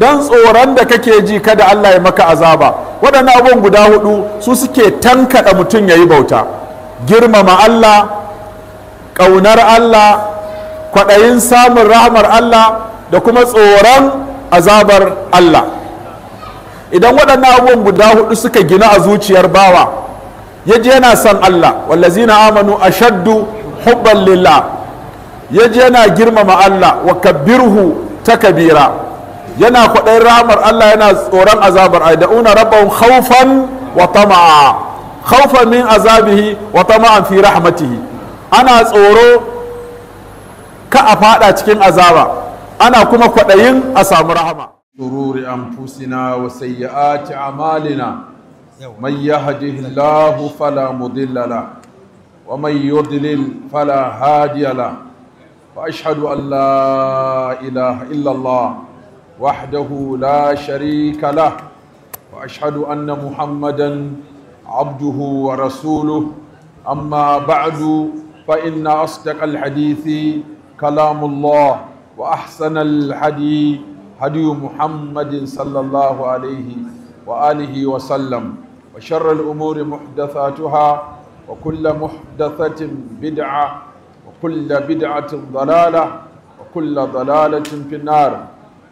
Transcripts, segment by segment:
don tsoron da kake ji kada Allah ya maka azaba waɗannan abubuwan guda hudu su suke tankaɗa mutum ya yi bauta girmama Allah ƙaunar Allah kwaɗayin samun rahamar Allah da kuma tsoron azabar Allah idan waɗannan abubuwan guda hudu suka gina a zuciyar bawa ya je yana son Allah wallazina amanu a shaddu hubban lillah ya je yana girmama Allah wa kabbirhu Kabira. yana kwaɗayin ramar Allah yana tsoron azabar ai una rabban khawfan wa tama'a khawfan min azabihi wa tama'an fi rahmatihi ana tsoro ka a fada cikin azaba ana kuma kwaɗayin a samu rahama شرور أنفسنا وسيئات أعمالنا من يهده الله فلا مضل له وحده لا شريك له وأشهد أن محمدا عبده ورسوله أما بعد فإن أصدق الحديث كلام الله وأحسن الحدي هدي محمد صلى الله عليه وآله وسلم وشر الأمور محدثاتها وكل محدثة بدعة وكل بدعة ضلالة وكل ضلالة في النار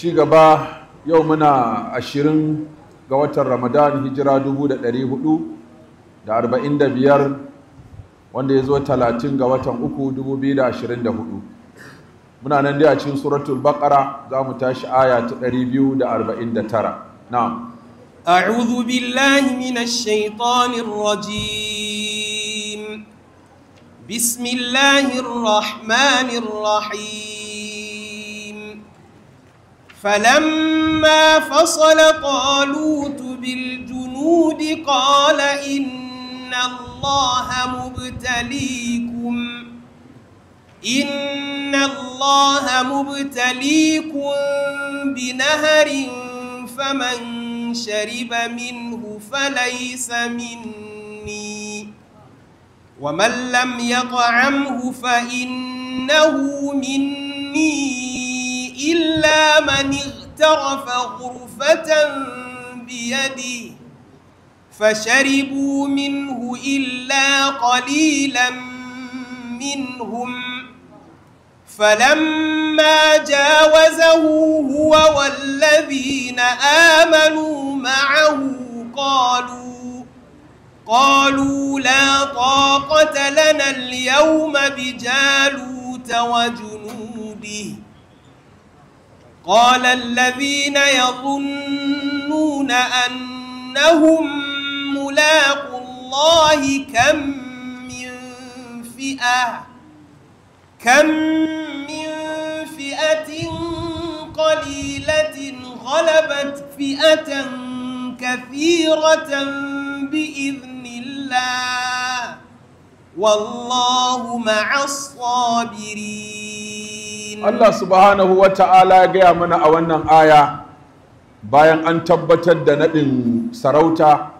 ci gaba yau muna ashirin ga watan ramadan hijira biyar, wanda ya zo talatin ga watan uku hudu? muna nan dai a cikin suratul baqara za mu tashi aya ta 249 na'am أعوذ بالله من الشيطان الرجيم بسم الله الرحمن الرحيم فلما فصل طالوت بالجنود قال إن الله مبتليكم إن الله مبتليكم بنهر فمن شرب منه فليس مني ومن لم يطعمه فإنه مني إلا من اغترف غرفة بيده فشربوا منه إلا قليلا منهم فلما جاوزه هو والذين آمنوا معه قالوا قالوا لا طاقة لنا اليوم بجالوت وجنوده قال الذين يظنون أنهم ملاق الله كم من فئة كم من فئة قليلة غلبت فئة كثيرة بإذن الله والله مع الصابرين Allah subhanahu wa ta'ala ya gaya mana a wannan aya bayan an tabbatar da naɗin sarauta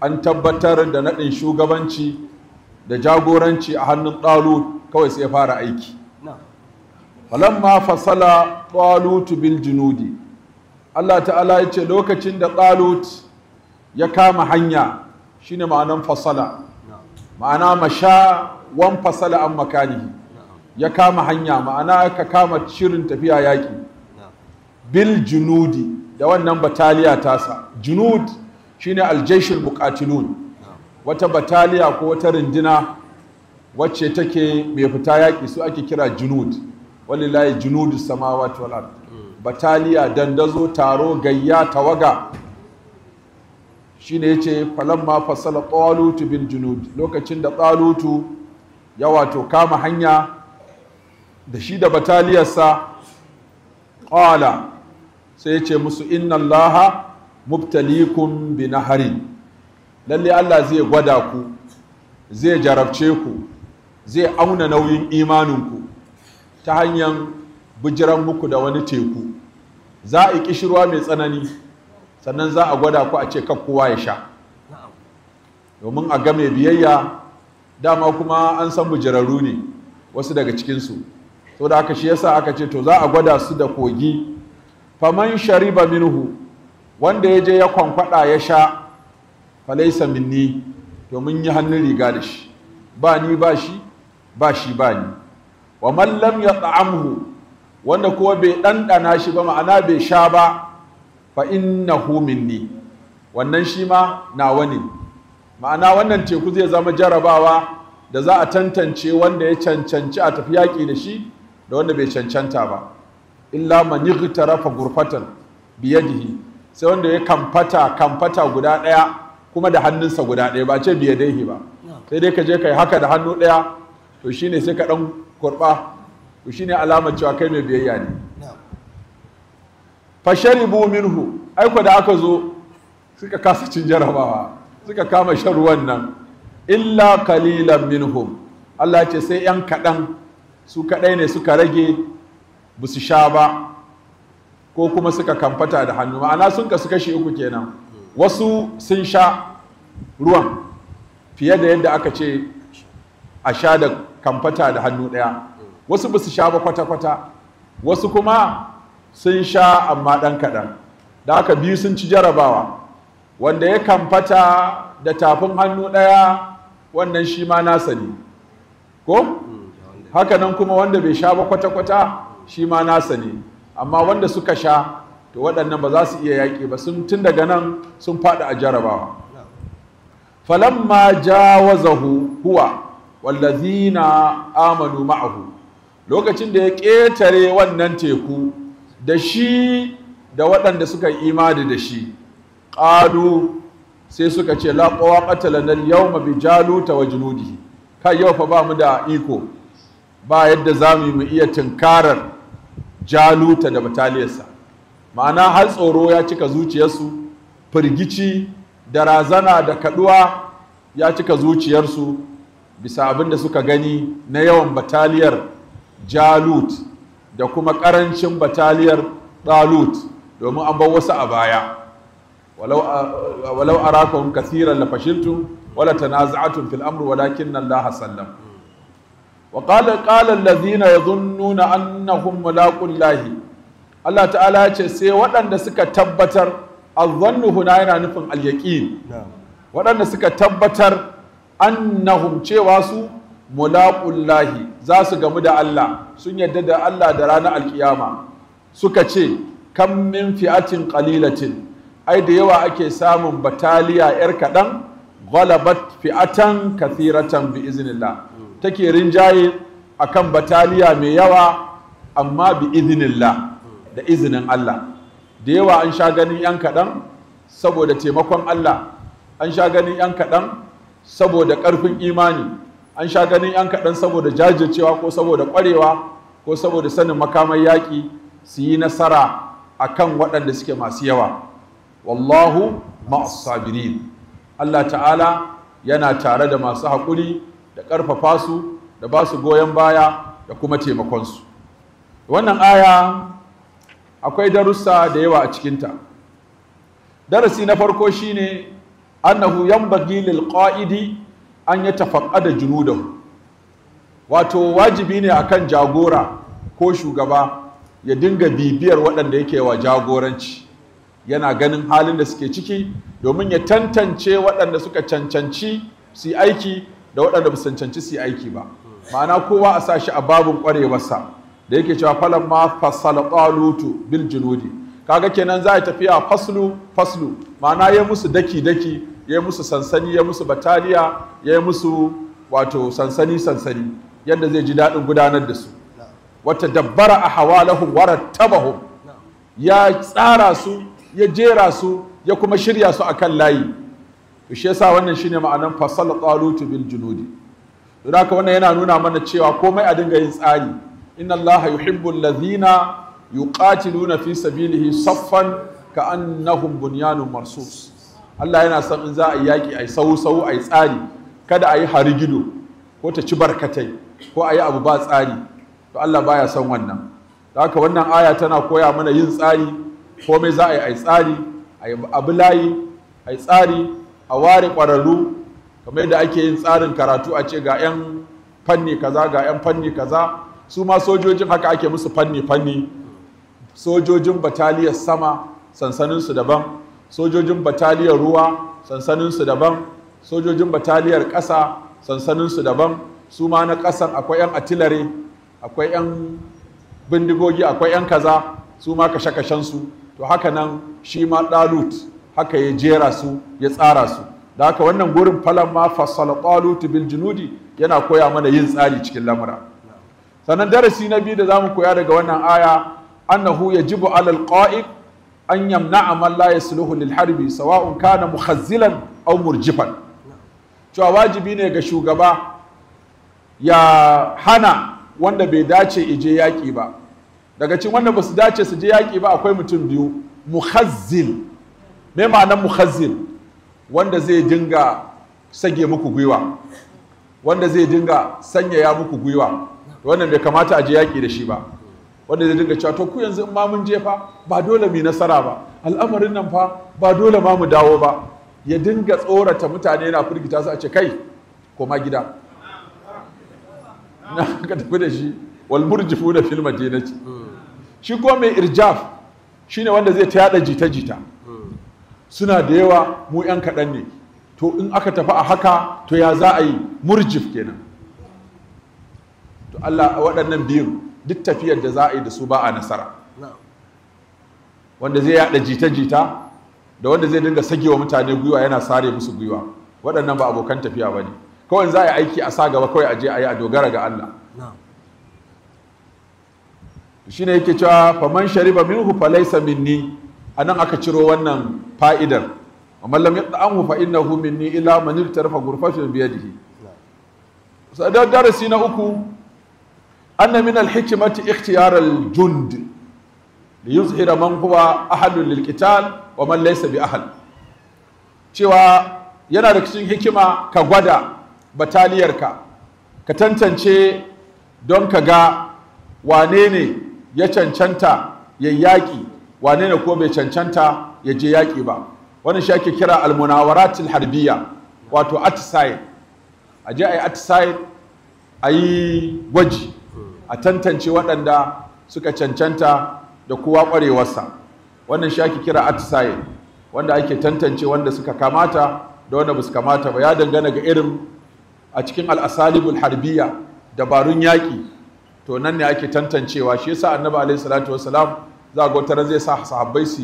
an tabbatar da naɗin shugabanci da jagoranci a hannun ɗalu kawai sai ya fara aiki falamma fasala ɗalutu bil junudi Allah ta'ala ya ce lokacin da ɗalut ya kama hanya shine ma'anan fasala ma'ana masha wan fasala an makanihi ya kama hanya ma'ana ka kama shirin tafiya yaƙi bil junudi da wannan bataliya tasa junud shine aljaishul buqatilun wata bataliya ko wata rindina wacce take mai fita yaƙi su ake kira junud walillahi junud samawati wal ard bataliya dandazo taro gayya tawaga shine yace falamma fasala talutu bil junud lokacin da talutu ya wato kama hanya da shi da bataliyarsa ƙwala sai ce musu inna allaha mubtalikum bi naharin lalle Allah zai gwada ku zai jarabce ku zai auna nauyin imaninku ta hanyar bijiran muku da wani teku za a ƙishirwa mai tsanani sannan za a gwada ku a ce kowa ya sha domin a ga mai biyayya dama kuma an san bujirarru ne wasu daga cikinsu to da aka shi yasa aka ce to za a gwada su da kogi faman shariba minhu wanda ya je ya kwankwada ya sha falaisa minni to mun yi hannun riga da shi ba ni ba shi ba shi ba ni wa man lam yat'amhu wanda kuma bai ɗanɗana shi ba ma'ana bai sha ba fa innahu minni wannan shi ma na wani. ma'ana wannan teku zai zama jarabawa da za a tantance wanda ya cancanci a tafi yaƙi da shi da wanda bai cancanta ba illa man yightarafa gurfatan biyadihi sai wanda ya kamfata kamfata guda daya kuma da hannunsa guda daya ba ce biyadaihi ba sai dai ka je ka yi haka da hannu daya to shine sai ka dan kurba to shine alamar cewa kai mai biyayya ne fasharibu minhu aiko da aka zo suka kasa cin jarabawa suka kama shan ruwan nan illa kalilan minhum Allah ce sai yan kaɗan su kaɗai ne suka rage ba su sha ba ko kuma suka kamfata da hannu ma'ana sun su kashi uku kenan wasu sun sha ruwan fiye da yadda aka ce a sha da kamfata da hannu ɗaya wasu ba su sha ba kwata-kwata wasu kuma sun sha amma ɗan kaɗan da aka biyu sun ci jarabawa wanda ya kamfata da tafin hannu ɗaya wannan shi ma nasa ne ko hakanan kuma wanda bai sha ba kwata-kwata shi ma nasa ne amma wanda suka sha to waɗannan ba za su iya yaƙi ba sun tun daga nan sun faɗi a jarabawa falamma jawazahu huwa wallazina amanu ma'ahu lokacin da ya ƙetare wannan teku da shi da waɗanda suka yi imani da shi ƙadu sai suka ce laƙowa ƙatalanar yau mabi jaluta wa junudi kai yau fa ba mu da iko ba yadda za mu iya tunkarar jaluta da bataliyarsa ma'ana har tsoro ya cika zuciyarsu firgici da razana da kaduwa ya cika zuciyarsu bisa abin da suka gani na yawan bataliyar jalut da kuma karancin bataliyar dalut domin an bar wasu a baya walau kasirar kathiran la fashiltum wala tanaza'atum fil nan walakinna allaha sallam wa qala qala allazina yadhunnuna annahum mulaqullahi Allah ta'ala ya ce sai waɗanda suka tabbatar azzannu huna yana nufin alyaqin waɗanda suka tabbatar annahum cewa su mulaqullahi za su gamu da Allah sun yadda da Allah da ranar alkiyama suka ce kam min fi'atin qalilatin ai da yawa ake samun bataliya yar kaɗan ghalabat fi'atan kathiratan bi iznillah take rinjaye akan bataliya mai yawa amma bi izinillah da izinin Allah da yawa an sha ganin yan kaɗan saboda taimakon Allah an sha ganin yan kaɗan saboda ƙarfin imani an sha ganin yan kaɗan saboda jajircewa ko saboda ƙwarewa ko saboda sanin makamai yaƙi su yi nasara a kan waɗanda suke masu yawa wallahu ma'as Allah ta'ala yana tare da masu haƙuri da ƙarfafa su da ba su goyon baya da kuma taimakonsu wannan aya akwai darussa da yawa a cikinta darasi na farko shine annahu yanbaghi bagilil ƙa'idi an yatafaqqada junudahu wato wajibi ne akan jagora ko shugaba ya dinga bibiyar waɗanda yake wa jagoranci yana ganin halin da suke ciki domin ya tantance waɗanda suka cancanci su yi aiki da waɗanda ba cancanci su yi aiki ba ma'ana kowa a sa shi a babin ƙwarewarsa da yake cewa falon ma fasala ƙwalutu bil junudi kaga kenan za a tafiya faslu faslu ma'ana ya musu daki daki ya musu sansani ya musu bataliya ya musu wato sansani sansani yadda zai ji daɗin gudanar da su wata dabbara a hawalahum warattabahum ya tsara su ya jera su ya kuma shirya su a kan layi shi yasa wannan shine ma'anan fasal talutu bil junudi don haka wannan yana nuna mana cewa komai a dinga yin tsari inna allaha yuhibbul ladhina yuqatiluna fi sabilihi saffan ka'annahum bunyanun marsus Allah yana son in za a yi yaƙi a yi sau-sau a tsari kada a yi harigido ko ta ci barkatai ko a abu ba tsari to Allah baya son wannan don haka wannan aya tana koya mana yin tsari komai za a yi a tsari a yi abu layi a tsari a ware ƙwararru kamar yadda ake yin tsarin karatu a ce ga 'yan fanni kaza ga 'yan fanni kaza su ma sojojin haka ake musu fanni fanni sojojin bataliyar sama sansaninsu daban sojojin bataliyar ruwa sansaninsu daban sojojin bataliyar ƙasa sansaninsu daban su ma na ƙasan akwai 'yan atilare akwai 'yan bindigogi akwai 'yan kaza su ma kashe-kashensu to haka nan shi ma ɗalut haka ya jera su ya tsara su da haka wannan gurin falon ma fassala talut bil junudi yana koya mana yin tsari cikin lamura sannan darasi na biyu da zamu koya daga wannan aya annahu yajibu alal qa'id an yamna'a man la yasluhu lil harbi sawa'un kana mukhazzilan aw murjifan cewa wajibi ne ga shugaba ya hana wanda bai dace ije yaƙi ba daga cikin wanda ba su dace su je yaƙi ba akwai mutum biyu muhazzil mai ma'anar muhazzin wanda zai dinga sage muku gwiwa wanda zai dinga sanyaya muku gwiwa wannan bai kamata a je yaƙi da shi ba wanda zai dinga cewa to ku yanzu in ma mun je fa ba dole mu nasara ba al'amarin nan fa ba dole ma mu dawo ba ya dinga tsorata mutane na firgita su a ce kai koma gida na ka tafi da shi wal murjifu da fil madinati shi ko mai irjaf shine wanda zai ta yada jita jita suna da yawa mu 'yan kaɗan ne to in aka tafi a haka to ya za a yi murjif kenan to Allah waɗannan biyun duk tafiyar da za a yi da su ba a nasara wanda zai yada jita-jita da wanda zai dinga sagewa mutane gwiwa yana sare musu gwiwa waɗannan ba abokan tafiya ba ne kawai za a yi aiki a sa gaba kawai a je a yi a dogara ga Allah shi ne yake cewa faman shariba minhu min ni. anan aka ciro wannan fa'idar amma lam yat'amu fa innahu minni ila man irtarafa ghurfatun bi yadihi sadar darasi na uku an min al ikhtiyarar ikhtiyar Da jund li yuzhira man huwa ahadun wa man laisa bi ahal. cewa yana da cikin hikima ka gwada bataliyarka ka tantance don ka ga wane ne ya cancanta ya yaƙi wane ne ko bai cancanta ya je yaƙi ba wannan shi ake kira almunawaratul harbiya wato atisai a je a yi atisaye a yi gwaji a tantance waɗanda suka cancanta da kowa ƙwarewarsa wannan shi ake kira atisaye wanda ake tantance wanda suka kamata da wanda ba su kamata ba ya dangana ga irin a cikin al'asalibul harbiya dabarun yaƙi to nan ne ake tantancewa shi yasa annabi alaihi salatu wasalam za ga wataran zai sa sahabbai su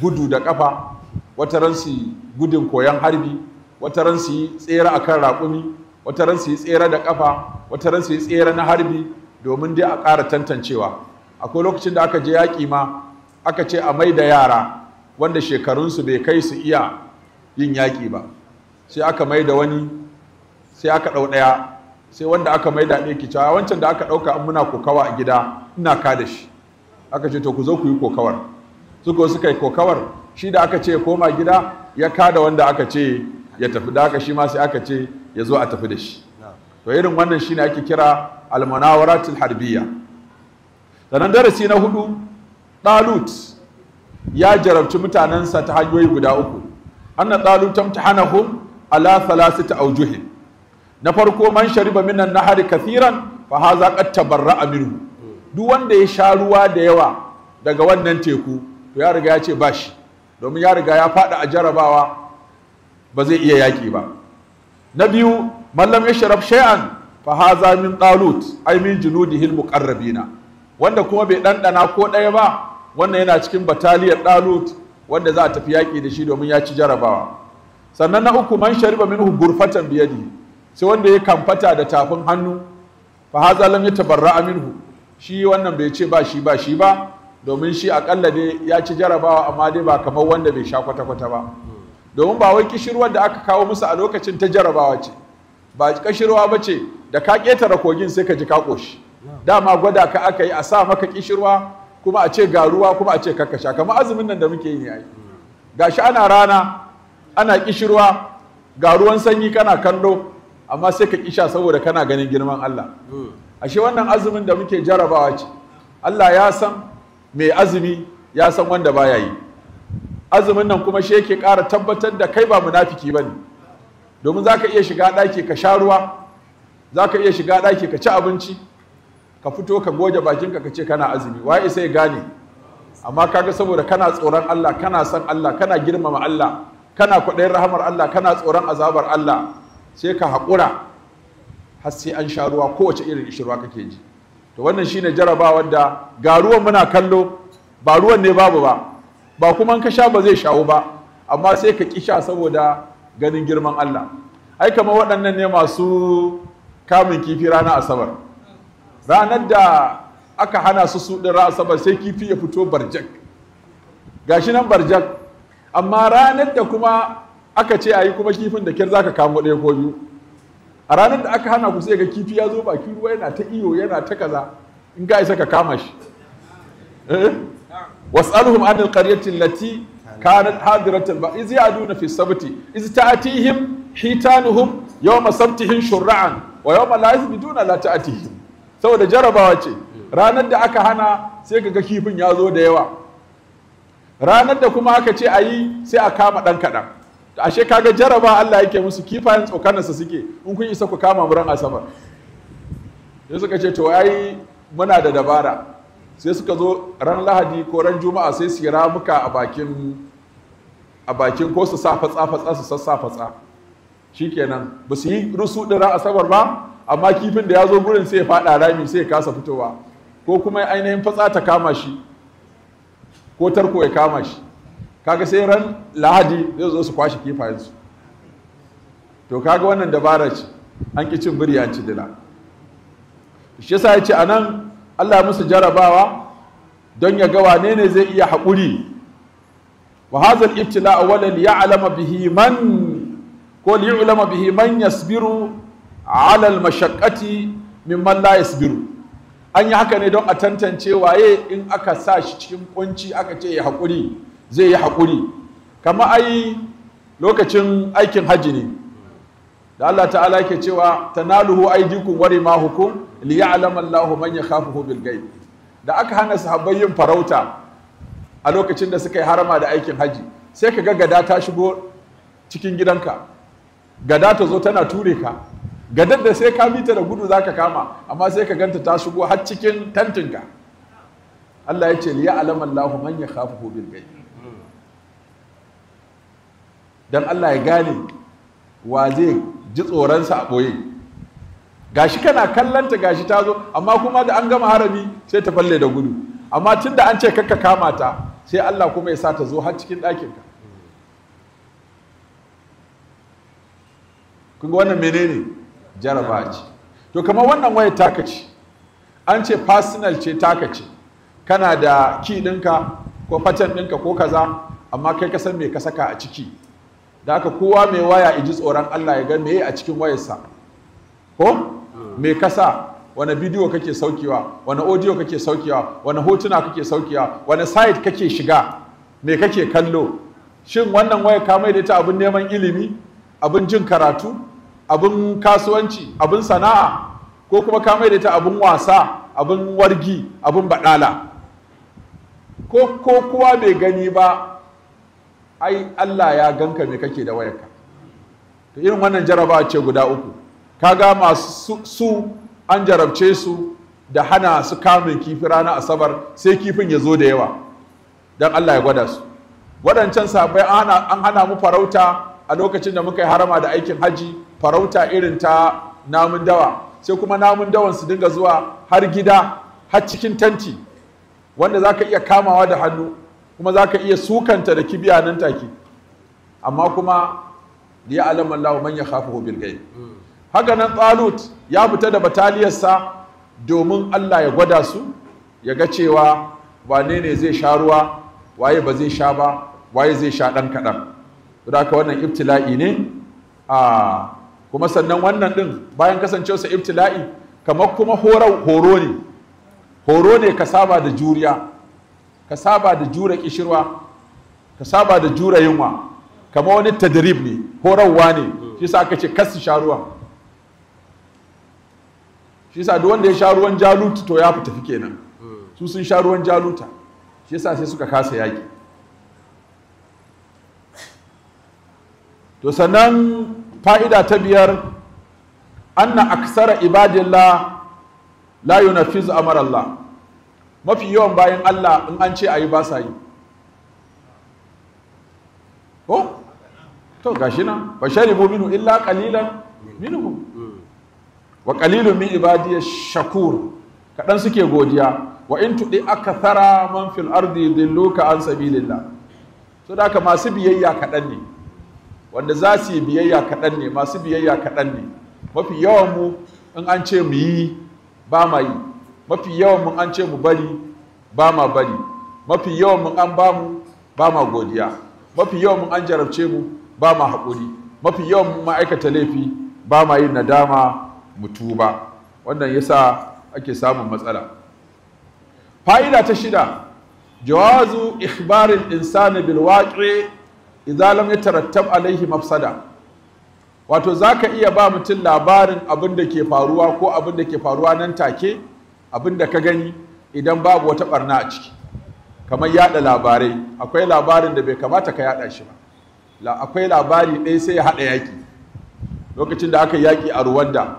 gudu da kafa wataran su gudun koyon harbi wataran su yi tsere akan raƙumi wataran su yi tsera da kafa wataran su yi tsera na harbi domin dai a ƙara tantancewa akwai lokacin da aka je yaƙi ma aka ce a mai da yara wanda shekarunsu bai kai su iya yin yaƙi ba sai aka mai da wani sai aka ɗau ɗaya sai wanda aka mai da ɗaya ki wancan da aka ɗauka an muna kokawa a gida ina ka da shi aka ce to ku zo ku yi kokawar suka suka yi kokawar shi da aka ce koma gida ya kada wanda aka ce ya tafi da aka shi ma sai aka ce ya zo a tafi da shi to irin wannan shine ake kira almanawaratul harbiya sannan darasi na hudu dalut ya jarabci mutanensa ta hanyoyi guda uku anna dalut tamtahanahum ala thalathati aujuhin na farko man shariba minan nahari kathiran fa haza qad tabarra'a minhu duk wanda ya sha ruwa da yawa daga wannan teku to ya riga ya ce ba shi domin ya riga ya faɗa a jarabawa ba zai iya yaƙi ba na biyu mallam ya sharaf shay'an fa haza min talut ay min junudihi muqarrabina wanda kuma bai ɗanɗana ko ɗaya ba wannan yana cikin bataliyar ɗalut, wanda za a tafi yaƙi da shi domin ya ci jarabawa sannan na uku man shariba minhu gurfatan biyadi sai wanda ya kamfata da tafin hannu fa haza lam yatabarra minhu shi wannan bai ce ba shi ba shi ba domin shi akalla ne ya ci jarabawa amma dai ba kamar wanda bai sha kwata-kwata ba domin ba wai kishirwa da aka kawo musu a lokacin ta jarabawa ce ba kashirwa ba ce da ka ƙetare kogin sai ka ji ka ƙoshi dama gwada ka aka yi a sa maka kishirwa kuma a ce ga kuma a ce kakkasha kamar azumin nan da muke yi ne ai gashi ana rana ana kishirwa ga ruwan sanyi kana kallo amma sai ka kisha saboda kana ganin girman Allah ashe wannan azumin da muke jarabawa ce Allah ya san mai azumi ya san wanda baya yi azumin nan kuma shi yake ƙara tabbatar da kai ba munafiki ba ne domin za ka iya shiga ɗaki ka sha ruwa za ka iya shiga ɗaki ka ci abinci ka fito ka goge bakinka ka ce kana azumi isa ya gane amma kaga saboda kana tsoron Allah kana san Allah kana girmama Allah kana kwaɗayin rahamar Allah kana tsoron azabar Allah sai ka haƙura har sai an sha ruwa kowace irin ishirwa kake ji to wannan shine jarabawar da ga ruwan muna kallo ba ruwan ne babu ba ba kuma ka sha ba zai shawo ba amma sai ka kisha saboda ganin girman Allah ai kamar waɗannan ne masu kamun kifi ranar asabar ranar da aka hana su su ɗin asabar sai kifi ya fito barjak gashi nan barjak amma ranar da kuma aka ce a yi kuma kifin da kyar ka kamo ɗaya ko biyu a ranar da aka hana ku sai ga kifi ya zo bakin ruwa yana ta iyo yana ta kaza in ga isa ka kama shi eh? was'aluhum an alqaryati Lati kanat hadirat izi iz yaduna fi sabti iz hitanuhum yawma sabtihim shur'an wa yawma la yasbiduna la Sau saboda jarabawa ce ranar da aka hana sai ka ga kifin ya zo da yawa ranar da kuma aka ce a yi sai a kama ɗan kaɗan. ashe kaga jaraba Allah yake musu kifayen tsokanarsa suke in kun isa ku kama muran asabar sai suka ce to ai muna da dabara sai suka zo ran lahadi ko ran juma'a sai su yi muka a bakin a bakin ko su sa fatsa fatsa su sassa fatsa shikenan ba su yi rusu din ran asabar ba amma kifin da ya zo gurin sai ya fada rami sai ya kasa fitowa ko kuma ainihin fatsa ta kama shi ko tarko ya kama shi kaga sai ran lahadi zai zo su kwashe kifayensu to kaga wannan dabara ce an ki cin biri ci dila shi yasa ya ce a allah musu jarabawa don ya ga wane ne zai iya haƙuri wa hazal ibtila awalan ya'lama bihi man ko li'lama bihi man yasbiru ala al-mashaqqati mimman la yasbiru an yi haka ne don a tantance waye in aka sa shi cikin kunci aka ce ya haƙuri zai yi haƙuri kama ai lokacin aikin hajji ne da Allah ta'ala ke cewa ta wari ma wa liya liya'lam Allahu man kafin bil ghaib da aka hana sahabbai yin farauta a lokacin da suka yi harama da aikin hajji sai ka ga gada ta shigo cikin gidanka gada ta zo tana ture ka gadar da sai ka mita da gudu zaka kama amma sai ka ganta ta shigo har cikin tantinka Allah ya ce liya'lam Allahu man kafin bil ghaib don Allah ya gane wa zai ji tsoronsa a ɓoye shi kana kallanta gashi ta zo amma kuma da an gama harami sai ta falle da gudu amma tun da an ce kakka kama ta sai Allah kuma ya sa ta zo har cikin ɗakinka kun wannan menene jaraba ce to kamar wannan wayar taka ce an ce personal ce taka ce kana da ki ɗinka ko patent ɗinka ko kaza amma kai ka san me ka saka a ciki da aka kowa mai waya a ji tsoron Allah ya ga me a cikin wayarsa ko me kasa wani bidiyo kake saukewa wani audio kake saukewa wani hotuna kake saukewa wani site kake shiga me kake kallo shin wannan waya ka mai da abin neman ilimi abin jin karatu abin kasuwanci abin sana'a ko kuma ka mai da abin wasa abin wargi abin badala ko kowa bai gani ba ai Allah ya ganka me kake da wayarka to irin wannan jaraba ce guda uku kaga masu su an jarabce su da hana su kamun kifi rana asabar sai kifin ya zo da yawa don Allah ya gwada su waɗancan sabai an hana mu farauta a lokacin da muka yi harama da aikin haji farauta irin ta namun dawa sai kuma namun dawan su dinga zuwa har gida har cikin tanti wanda za ka iya kamawa da hannu kuma za ka iya sukanta da kibiya nan take amma kuma da ya alama Allah man ya khafu bil ghaib haka nan Talut ya fita da bataliyarsa domin Allah ya gwada su ya ga cewa wane ne zai sha ruwa waye ba zai sha ba waye zai sha dan kadan to haka wannan ibtila'i ne a kuma sannan wannan din bayan kasancewarsa ibtila'i kamar kuma horo ne horo ne ka saba da juriya ka saba da jura kishirwa ka saba da jura yunwa kama wani tadrib ne horarwa ne shi sa aka ce kasu sha shi sa duk wanda ya sha ruwan jaluta to ya fi tafi kenan su sun sha ruwan jaluta shi sa sai suka kasa yaki to sannan fa'ida ta biyar an anna aksara ibadillah la yunafizu amar Allah mafi yawan bayan Allah in an ce a yi ba sa yi ko to gashi nan ba bu minu illa kalilan? minhum wa kalilun min ibadiy shakur kaɗan suke godiya wa in tuɗe tara man fil ardi dilluka an sabilillah to da haka masu biyayya kaɗan ne wanda za su yi biyayya kaɗan ne masu biyayya kaɗan ne mafi yawan mu in an ce mu yi ba ma yi mafi yawan mun an ce mu bari ba ma bari mafi yawan mun an ba ba ma godiya mafi yawan mun an jarabce mu ba ma haƙuri mafi yawan mun ma'aikata laifi ba ma yin nadama mu tuba wannan yasa ake samun matsala fa'ida ta shida jawazu ikhbarin insani bil waqi idza lam yatarattab alaihi mafsada wato zaka iya ba mutum labarin abin da ke faruwa ko abin da ke faruwa nan take abin da ka gani idan babu wata barna a ciki kamar yada labarai akwai labarin da bai kamata ka yada shi ba akwai labari ɗaya sai ya haɗa yaki lokacin da aka yaki a ruwanda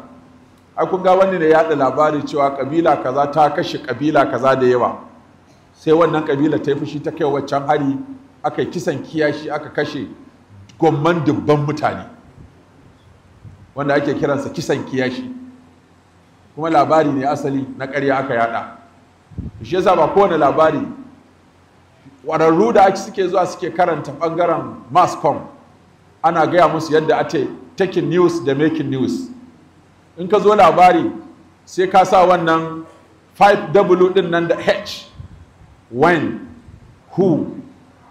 ai kun ga wani ne yada labari cewa kabila kaza ta kashe kabila kaza da yawa sai wannan kabila ta yi fushi ta kai waccan hari aka kisan kiyashi aka kashe gomman dubban mutane wanda ake kiransa kisan kiyashi kuma labari ne asali na karya aka yada shi yasa ba kowane labari ƙwararru da ake suke zuwa suke karanta bangaren mass ana gaya musu yadda ake taking news da making news in ka zo labari sai ka sa wannan 5w din nan da h when who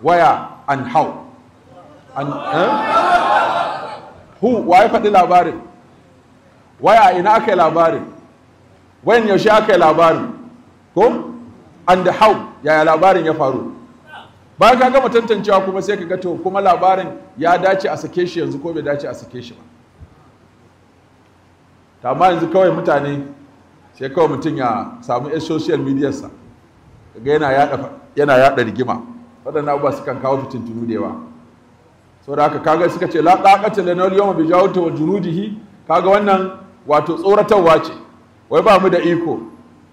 where and how and, eh? who ya faɗi labarin waya ina aka yi labarin wayan yaushe aka yi labarin ko and how yaya labarin ya faru bayan ka gama tantancewa kuma sai ka ga to kuma labarin ya dace a sake shi yanzu ko bai dace a sake shi ba Ta amma yanzu kawai mutane sai kawai mutum ya samu yan social media sa ga yana yada rigima. rigima waɗannan abubuwa sukan kawo fitintunu da yawa da haka kaga suka ce la taqata lana al bai jawo ta wa junudihi kaga wannan wato tsoratarwa ce wai ba mu da iko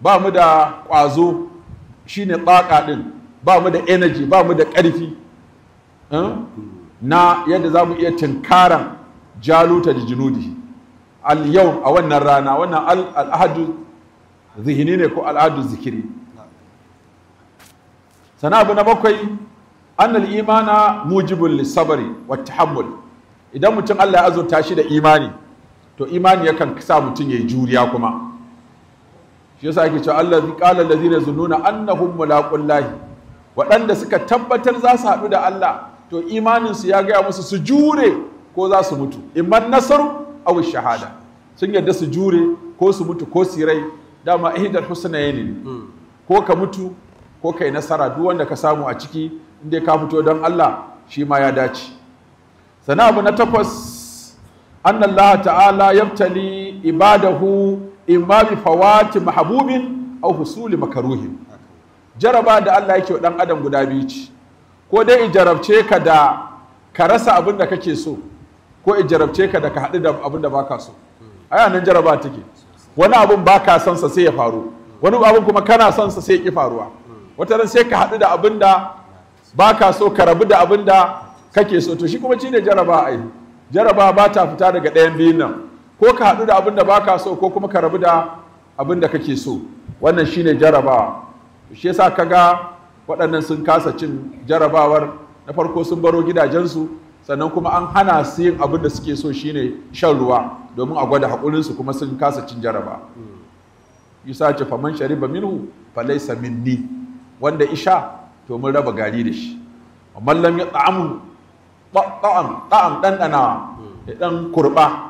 ba mu da ƙwazo shine ne ɗin ba mu da energy ba mu da ƙarfi eh? na yadda za mu iya tinkaran jaluta da jinudi al yau a wannan rana wannan al'adu zihini ne ko al'adu zikiri sana abu na bakwai annal imana mujibun lissabari wata hamul idan mutum Allah ya azurta shi da imani to imani yakan sa mutum ya yi juriya kuma shi yasa ake cewa allazi qala allazina zununa annahum mulaqullahi waɗanda suka tabbatar za su haɗu da Allah to imanin su ya gaya musu su jure ko za su mutu imman nasaru aw shahada sun yarda su jure ko su mutu ko su rai dama ihdal husnayni ne ko ka mutu ko kai nasara duk wanda ka samu a ciki inda ka fito don Allah shi ma ya dace sana abu na takwas annallahu ta'ala yabtali ibadahu imma bi fawati mahabubin aw husuli makaruhin jaraba da Allah yake wa dan adam guda biyu ci ko dai in jarabce ka da ka rasa abin da kake so ko in jarabce ka da ka haɗu da abin da baka so aya nan jaraba take wani abin baka son sa sai ya faru wani abin kuma kana son sa sai ya ki faruwa wata ran sai ka haɗu da abin da baka so ka rabu da abin da kake so to shi kuma shine jaraba ai jaraba ba ta fita daga ɗayan biyun nan ko ka haɗu da abin da baka so ko kuma ka rabu da abin da kake so wannan shine jarabawa shi yasa ga waɗannan sun kasa cin jarabawar na farko sun baro gidajensu sannan kuma an hana su yin abin da suke so shine shan ruwa domin a gwada haƙurinsu kuma sun kasa cin jaraba Yusa ce faman shariba minhu falaisa minni wanda isha to mun raba gari da shi amma lam ya ta'amu ta'am ta'am dandana ya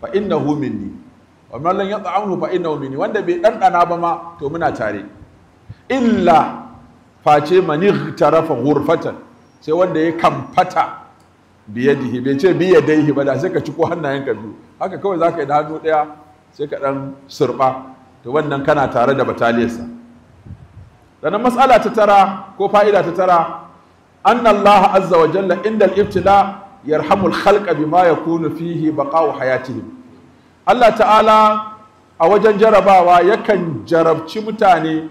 fa innahu minni wa man lam yat'amhu fa innahu minni wanda bai dandana ba ma to muna tare illa face man ihtarafa ghurfatan sai wanda ya kamfata biyadihi bai ce biyadaihi ba da sai ka ci ko hannayen ka biyu haka kawai zaka yi da hannu daya sai ka ɗan surɓa. to wannan kana tare da bataliyarsa sannan matsala ta tara ko fa'ida ta tara an Allah azza wa jalla inda al-ibtila yarhamul khalqa bima yakunu fihi baqa'u hayatihim Allah ta'ala a wajen jarabawa yakan jarabci mutane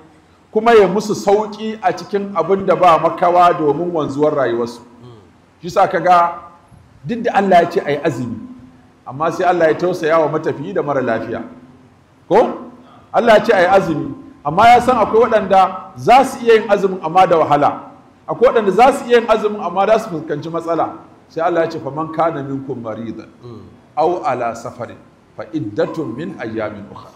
kuma ya musu sauki a cikin abin da ba makawa domin wanzuwar rayuwarsu shi sa kaga duk da Allah ya ce ai azumi amma sai Allah ya tausaya wa matafiyi da mara lafiya ko Allah ya ce ai azumi amma ya san akwai waɗanda za su iya yin azumin amma da wahala akwai waɗanda za su iya yin azumin amma da su fuskanci matsala sai Allah ya ce man kana minkum maridan aw ala safarin fa iddatun min ayyamin ukhra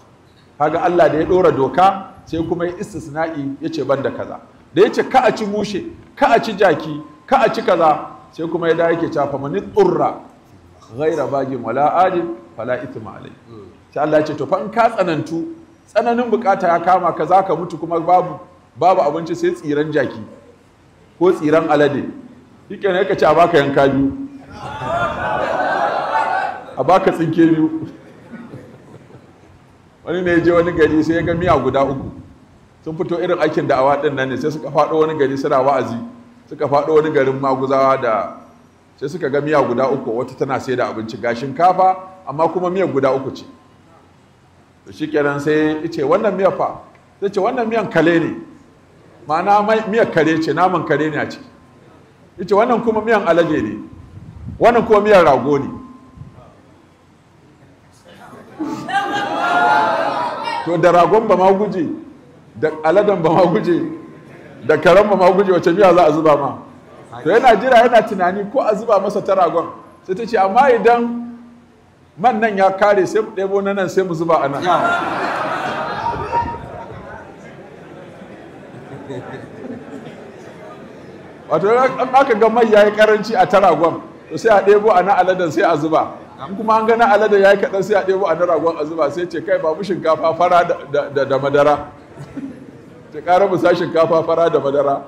kaga Allah da ya dora doka sai kuma ya istisna'i yace banda kaza da yace ka a ci mushe ka a ci jaki ka a ci kaza sai kuma ya da yake cewa man turra ghaira bagin wala adin fala ithma alai sai Allah ya ce to fa in ka tsanantu tsananin bukata ya kama kaza ka mutu kuma babu babu abinci sai tsiran jaki ko tsiran alade shi kenan ya ci a baka yanka biyu a baka tsinke biyu wani ne je wani gari sai ya ga miya guda uku sun fito irin aikin da awa din nan ne sai suka faɗo wani gari suna wa'azi suka faɗo wani garin maguzawa da sai suka ga miya guda uku wata tana sai da abinci ga shinkafa amma kuma miya guda uku ce to kenan sai ce wannan miya fa sai ce wannan miyan kale ne ma'ana miyan kare ce naman kare ne a ciki yace wannan kuma miyan alaje ne wannan kuma miyan rago ne to da ragon ba ma guje da aladan ba ma guje da karen ba ma guje wace miya za a zuba ma to yana jira yana tunani ko a zuba masa ta ragon sai ta ce amma idan man nan ya kare sai mu ɗebo na nan sai mu zuba a nan wato an aka ga mai yayi karanci a taragon to sai a ɗebo a na aladen sai a zuba kuma an ga na aladen yayi kaɗan sai a ɗebo a na ragon a zuba sai ce kai babu shinkafa fara da madara ta ƙara musa shinkafa fara da madara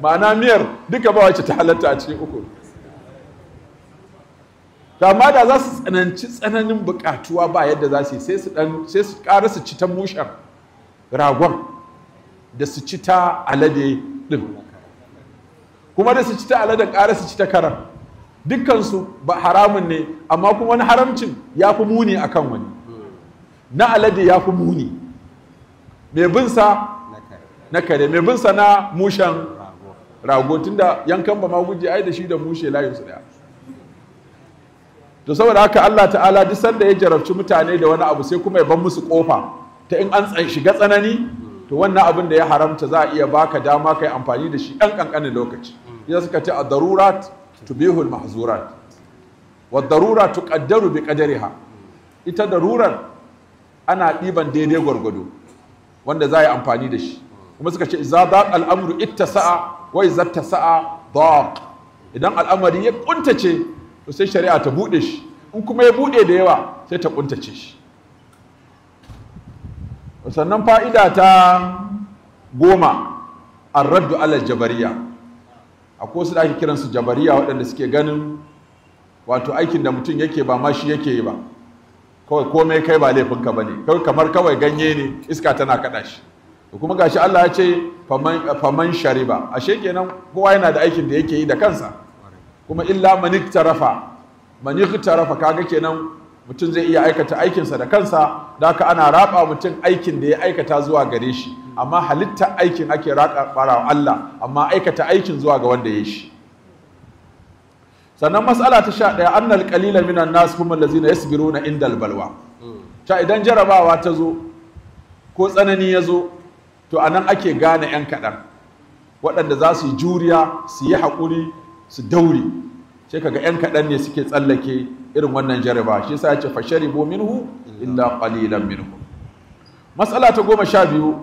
ma'ana miyar duka ba wacce ta halatta a cikin uku ma da za su tsananci tsananin bukatuwa ba yadda za su yi sai su kara su ƙara su ci ta mushen ragon da su ci ta alade ɗin kuma da su ci ta aladar ƙara su ci ta karar. dukkansu ba haramun ne amma kuma wani haramcin ya fi muni a kan wani na alade ya fi muni mai binsa na kare mai binsa na mushen rago tunda yankan ba maguji ai da shi da mushe layinsu daya to saboda haka Allah ta'ala duk sanda ya jarabci mutane da wani abu sai kuma ya ban musu kofa ta in an shiga tsanani to wannan abin da ya haramta za a iya baka dama kai amfani da shi ɗan ƙanƙanin lokaci ya suka ce a darurat tubihul mahzurat wa darura tuqaddaru bi qadariha ita darurar ana ɗiban daidai gwargwado wanda za a yi amfani da shi kuma suka ce iza daq al'amru ittasa'a wa iza tasa'a daq idan al'amari ya kuntace to sai shari'a ta bude shi in kuma ya bude da yawa sai ta kuntace shi sannan fa'ida ta goma raddu alal jabariya akwai su da ake kiransu jabariya waɗanda suke ganin wato aikin da mutum yake ba ma shi yake yi ba kawai komai kai ba laifinka ba ne kawai kamar kawai ganye ne iska tana kaɗa shi da kuma gashi Allah ya ce faman shariba ashe kenan kowa yana da aikin da yake yi da kansa kuma illa manik tarafa manik tarafa kaga kenan mutum zai iya aikata aikinsa da kansa da haka ana raba mutum aikin da ya aikata zuwa gare shi amma halitta aikin ake raka wa Allah amma aikata aikin zuwa ga wanda ya shi sannan matsala ta sha ɗaya an qalila minan nas ya allazina na indal balwa ta idan jarabawa ta zo ko tsanani ya zo to a nan ake gane yan kaɗan waɗanda za su yi juriya su yi haƙuri su daure sai kaga yan kaɗan ne suke tsallake irin wannan jaraba shi sa ya ce fasharibu minhu illa qalilan minhu mas'ala ta goma sha biyu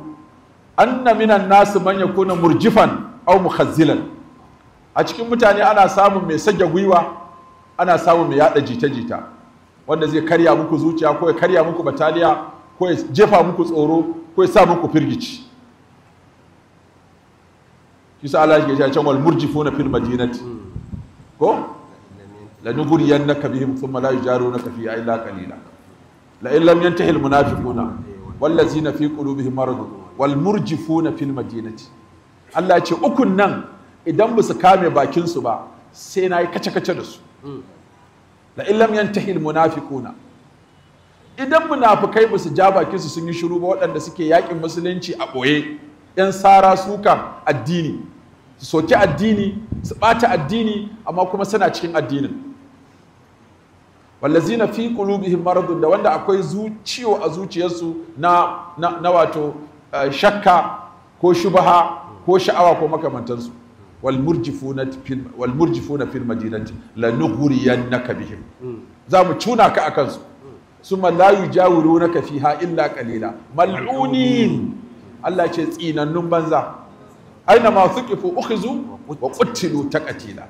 anna minan nasu manya kuna murjifan au mukhazzilan a cikin mutane ana samun mai sage gwiwa ana samun mai yada jita-jita wanda zai karya muku zuciya ko ya karya muku bataliya ko ya jefa muku tsoro ko ya sa muku firgici kisa Allah ya ce wal murjifuna fil madinati ko لنغرينك بهم ثم لا يجارونك فيها wallazi قليلا لئن لم ينتهي المنافقون والذين في قلوبهم مرض والمرجفون في المدينة Allah ce ukun nan idan ba su kame bakin su ba sai na yi kace-kace da su la illam yantahi almunafiquna idan munafikai ba su ja bakin su sun yi shiru ba waɗanda suke yakin musulunci a boye yan sara suka addini su soki addini su ɓata addini amma kuma suna cikin addinin wallazina fi qulubihim maradun da wanda akwai ciwo a zuciyarsu na wato eh, shakka ko shubaha ko sha'awa ko makamantansu wal murjifuna fil wal murjifuna fil madinati bihim hmm. za mu cuna ka kansu. su summa la yujawirunaka fiha illa kalila. mal'unin Allah ce tsinannun banza aina masu suqifu ukhizu wa ta katila.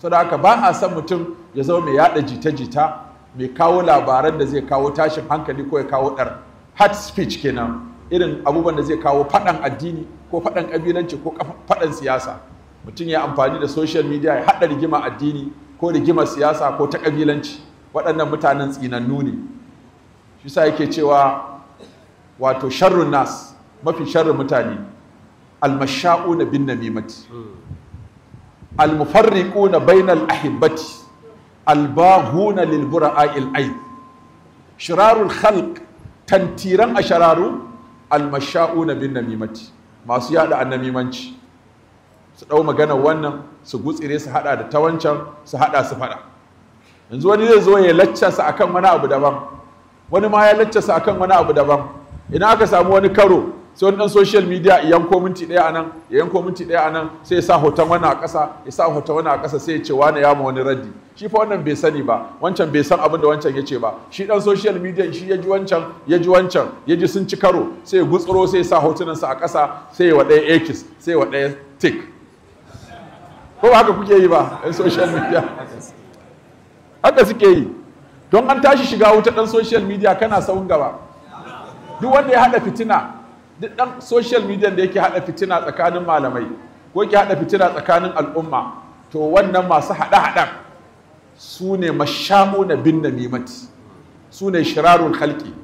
saboda haka ba a san mutum ya zama mai yada jita-jita mai kawo labaran da zai kawo tashin hankali ko ya kawo dar hard speech kenan irin abubuwan da zai kawo faɗan addini ko faɗan ƙabilanci ko faɗan siyasa mutum ya amfani da social media ya hada rigima addini ko rigima siyasa ko ta kabilanci waɗannan mutanen tsinannu ne shi sa yake cewa wato sharrun nas mafi sharrun mutane almasha'u na bin namimati hmm. almufarriquna bainal ahibbati albahuna lil buraail ayn shirarul khalq tantiran ashararu almashauna bin namimati masu yada annamimanci su dau magana wannan su gutsire su hada da tawancan su hada su fada yanzu wani zai zo ya lacca su akan wani abu daban wani ma ya laccasa akan wani abu daban ina aka samu wani karo sai wani dan social media yanko minti daya a nan ya yanko minti daya a nan sai ya sa hoton wani a ƙasa ya sa hoton wani a ƙasa sai ya ce wani ya ma wani raddi shi fa wannan bai sani ba wancan bai san abin da wancan ya ce ba shi dan social media shi ya ji wancan ya ji wancan ya ji sun ci karo sai ya gutsuro sai ya sa hotunansa a ƙasa sai ya wa ɗaya X sai ya wa ɗaya tik ko ba haka kuke yi ba ɗan social media haka suke yi don an tashi shiga wuta ɗan social media kana saun gaba duk wanda ya haɗa fitina duk ɗan social media da yake haɗa fitina tsakanin malamai ko yake haɗa fitina tsakanin al'umma to wannan masu haɗa-haɗan su ne masha'u na bin namimati su ne shirarun halki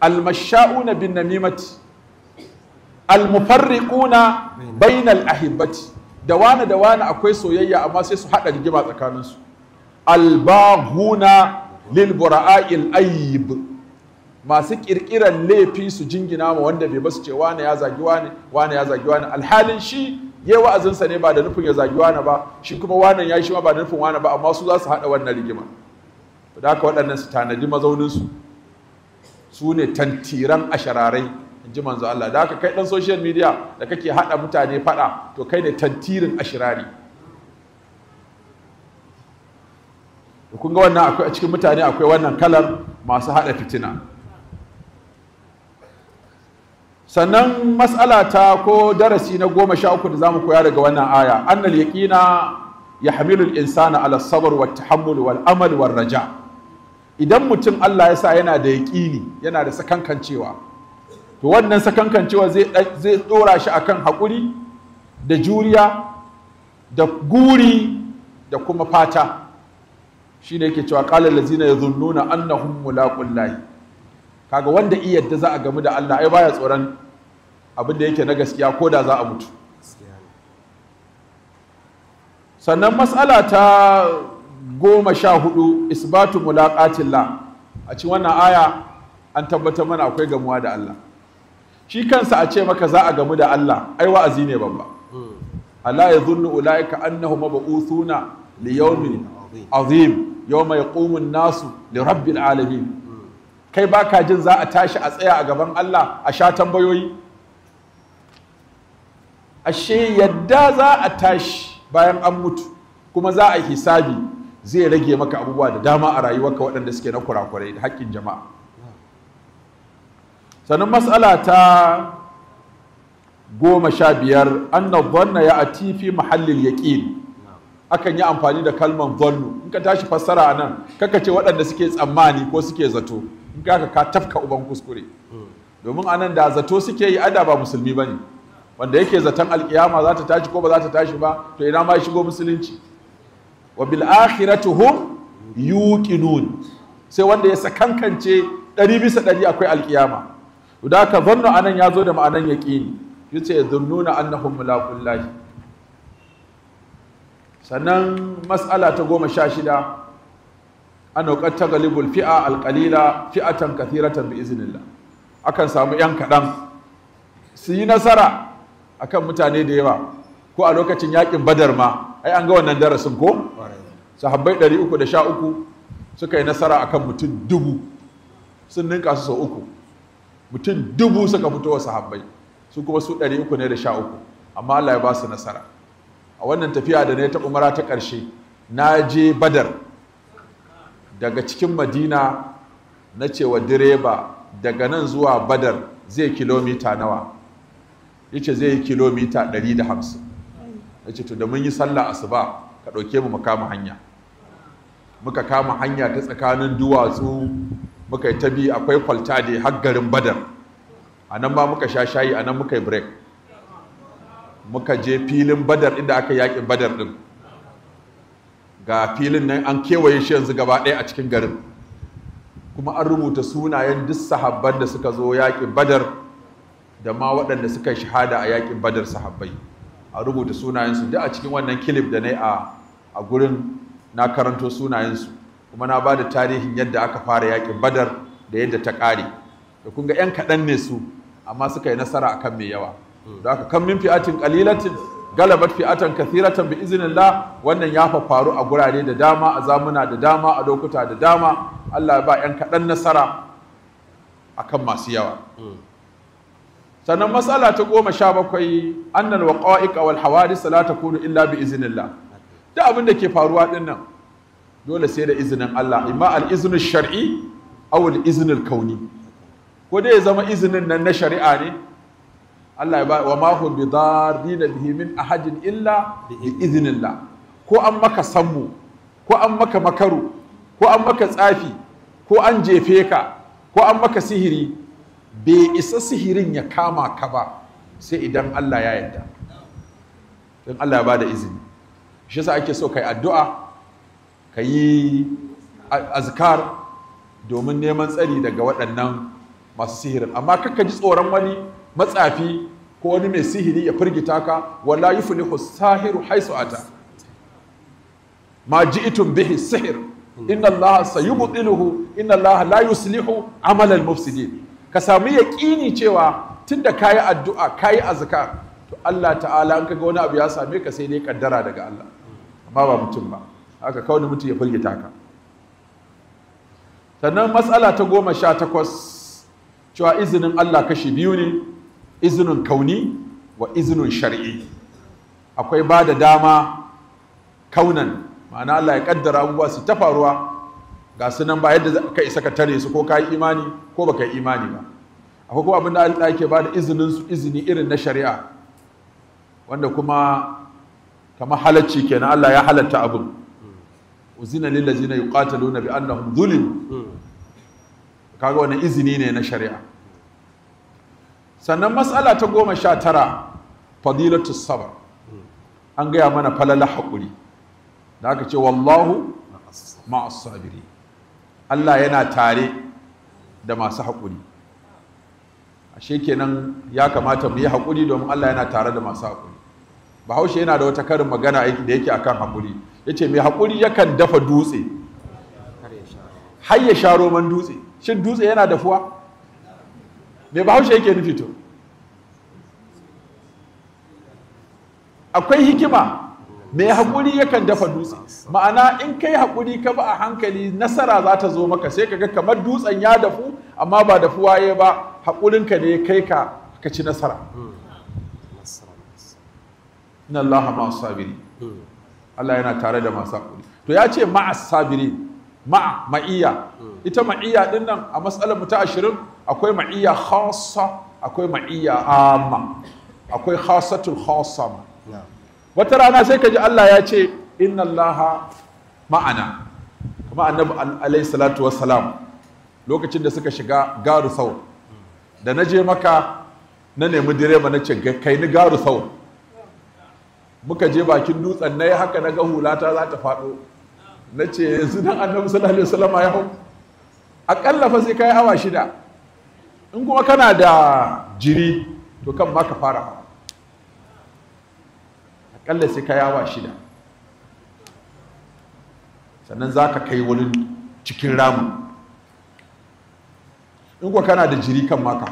almasha'u na bin namimati almufarriquna bainal ahibbati da wani da wani akwai soyayya amma sai su haɗa rigima tsakaninsu albahuna lil bura'a'il ayyib masu kirkiran laifi su jingina ma wanda bai basu ce wane ya zagi wane wane ya zagi wane alhalin shi ya wa'azinsa ne ba da nufin ya zagi wane ba shi kuma wane ya shi ma ba da nufin wane ba amma su za su haɗa wannan rigima da haka waɗannan su tanadi mazauninsu su ne tantiran ashararai in ji manzo Allah da haka kai ɗan social media da kake haɗa mutane faɗa to kai ne tantirin ashirari kun ga wannan akwai a cikin mutane akwai wannan kalar masu haɗa fitina sannan matsala ta ko darasi na goma sha uku da zamu koya daga wannan aya annal yaqina yahmilu al-insana ala sabr wa tahammul wal amal wal raja idan mutum Allah ya sa yana da yaqini yana da sakankancewa to wannan sakankancewa zai zai dora shi akan hakuri da juriya da guri da kuma fata shine yake cewa qala allazina yadhunnuna annahum mulaqullahi kaga wanda iya yadda za a gamu da Allah ai baya tsoron abin da yake na gaskiya ko da za a mutu sannan matsala ta goma sha hudu isbatu mulaƙatillah a cikin wannan aya an tabbatar mana akwai gamuwa da Allah shi kansa a ce maka za a gamu da Allah ai wa'azi ne babba Allah ya zunnu ulaika annahu mab'uthuna li yawmin azim yawma yaqumu nasu li rabbil alamin kai baka jin za a tashi a tsaya a gaban Allah a sha tambayoyi ashe yadda za a tashi bayan an mutu kuma za a hisabi zai rage maka abubuwa da dama a rayuwarka waɗanda suke na kurakurai da haƙƙin jama'a sannan matsala ta goma sha biyar anna zonna ya a tifi muhallin yaqin akan yi amfani da kalman zonnu in ka tashi fassara a nan kaka ce waɗanda suke tsammani ko suke zato in ka tafka uban kuskure domin anan da zato suke yi ada ba musulmi bane wanda yake zaton alkiyama za ta tashi ko ba za ta tashi ba to ina ma shigo musulunci wa bil akhirati hum yuqinun sai wanda ya sakankance ɗari bisa ɗari akwai alkiyama to da ka zannu anan ya zo da ma'anan yaqini yace zununa annahum mulaqullahi sannan mas'ala ta goma sha shida ana qad taghlibul fi'a alqalila fi'atan kathiratan bi iznillah akan samu yan kaɗan. su yi nasara akan mutane da yawa ko a lokacin yaƙin badar ma ai an ga wannan darasin ko sahabbai 313 suka yi nasara akan mutum dubu sun ninka su sau uku mutum dubu suka fito wa sahabbai su kuma su ne da sha uku. amma Allah ya ba su nasara a wannan tafiya da na ta umara ta ƙarshe na je badar daga cikin madina na cewa direba daga nan zuwa badar zai kilomita nawa yace zai yi kilomita 150 yace to da mun yi sallah asuba ka ɗauke mu kama hanya muka kama hanya ta tsakanin duwatsu muka yi tabi akwai kwalta da har garin badar a nan ba muka sha shayi a nan muka yi break muka je filin badar inda aka yaƙin badar ɗin ga filin nan an kewaye shi yanzu gaba ɗaya a cikin garin kuma an rubuta sunayen duk sahabban da suka zo yaƙin badar da ma waɗanda suka yi shahada a yaƙin badar sahabbai a rubuta sunayensu duk a cikin wannan kilif da na yi a gurin na karanto sunayen su. kuma na bada tarihin yadda aka fara yaƙin badar da yadda ta ƙare da kun ga 'yan kaɗan ne su amma suka yi nasara akan mai yawa da aka kan min fi'atin ƙalilatin galabat fi'atan kathiratan bi iznillah wannan ya faru a gurare da dama a zamuna da dama a lokuta da dama Allah ba yan kaɗan nasara akan masu yawa sannan matsala ta goma sha bakwai annal waqa'iq wal hawadith la takunu illa bi iznillah duk abin da ke faruwa din nan dole sai da izinin Allah imma al iznu shar'i aw al iznu al kauni ko dai ya zama izinin nan na shari'a ne Allah ya ba wa ma hum bidarrina bihi min ahadin illa bi idhnillah ko an maka sammu ko an maka makaru ko an maka tsafi ko an jefe ka ko an maka sihiri bai isa sihirin ya kama ka ba sai idan Allah ya yarda don Allah ya bada izini shi yasa ake so kai addu'a ka yi azkar domin neman tsari daga waɗannan masu sihirin amma kakka ji tsoron wani matsafi ko wani mai sihiri ya firgita ka wala yi lihu sahiru haisu ata ma itun bihi sihir inna allaha sayubtiluhu inna allaha la yuslihu amalal mufsidin ka samu yaƙini cewa tunda kayi addu'a kayi azkar to Allah ta'ala an kaga wani abu ya same ka sai dai kaddara daga Allah amma ba mutum ba haka kawai mutum ya firgita ka sannan matsala ta goma sha takwas cewa izinin Allah kashi biyu ne izinin kauni wa izinin shari'i akwai ba da dama kaunan ma'ana Allah ya kaddara abubuwa su ta faruwa ga su nan ba yadda ka isa ka tare su ko ka yi imani ko ba ka yi imani ba akwai kuma abin da Allah yake ba da izinin su izini irin na shari'a wanda kuma kamar halacci kenan Allah ya halatta abin uzina lillazina yuqataluna bi annahum zulim hmm. kaga wannan izini ne na shari'a sannan matsala ta goma sha tara fadilatu sabar an gaya mana falala haƙuri da aka ce wallahu ma'as sabiri Allah yana tare da masu haƙuri ashe kenan ya kamata mu yi haƙuri domin Allah yana tare da masu haƙuri bahaushe yana da wata karin magana da yake akan haƙuri ya ce mai haƙuri yakan dafa dutse har ya sha roman dutse shin dutse yana dafuwa me bahaushe yake nufi to akwai hikima mai haƙuri yakan dafa dutse ma'ana in kai haƙuri ka ba a hankali nasara za ta zo maka sai ka ga kamar dutsen ya dafu amma ba dafuwa ya ba haƙurinka ne ya kai ka ka ci nasara na Allah ma'as sabiri hmm. Allah yana tare da masu haƙuri to ya ce ma'as sabiri ma'a ma'iyya ita ma'iyya din nan a matsalar mu ta 20 akwai ma'iya khassa akwai ma'iyya amma akwai khassatul khassama wata rana sai ka ji Allah ya ce inna Allah ma'ana kuma annabi alayhi salatu wassalam lokacin da suka shiga garu sau da na je maka na nemi direba na ce kai ni garu sau muka je bakin dutsen na yi haka na ga hulata za ta faɗo na ce yanzu don annabi sallallahu alaihi wasallam ya hau akalla fa sai kai awa shida in kuma kana da jiri to kan ma ka fara akalla sai kai awa shida sannan za ka kai wani cikin ramu. in kuwa kana da jiri kan maka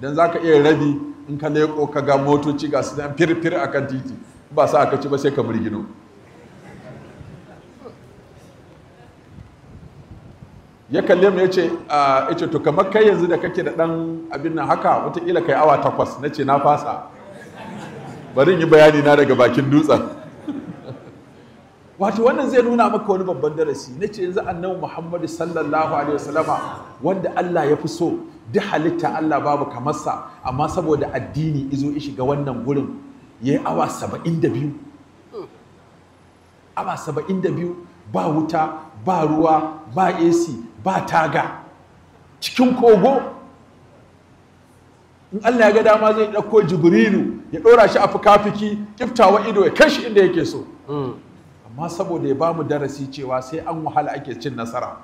don za ka iya rabi in ka leƙo ka ga motoci ga su nan firfir a kan titi ba sa aka ci ba sai ka birgino ya kalle mu yace ce to kamar kai yanzu da kake da dan abin nan haka wataƙila kai awa takwas na ce na fasa bari yi bayani na daga bakin dutsen wato wannan zai nuna maka wani babban darasi na ce yanzu annabi muhammadu sallallahu alaihi wasallama wanda allah ya fi so duk halitta allah babu kamarsa amma saboda addini izo ya shiga wannan gurin ya yi awa saba'in awa saba'in da biyu ba wuta ba ruwa ba ac ba taga cikin kogo in allah ya ga dama zai ɗauko jibrilu ya ɗora shi a fikafiki kiftawa ido ya kashi inda yake so hmm. amma saboda ya ba mu darasi cewa sai an wahala ake cin nasara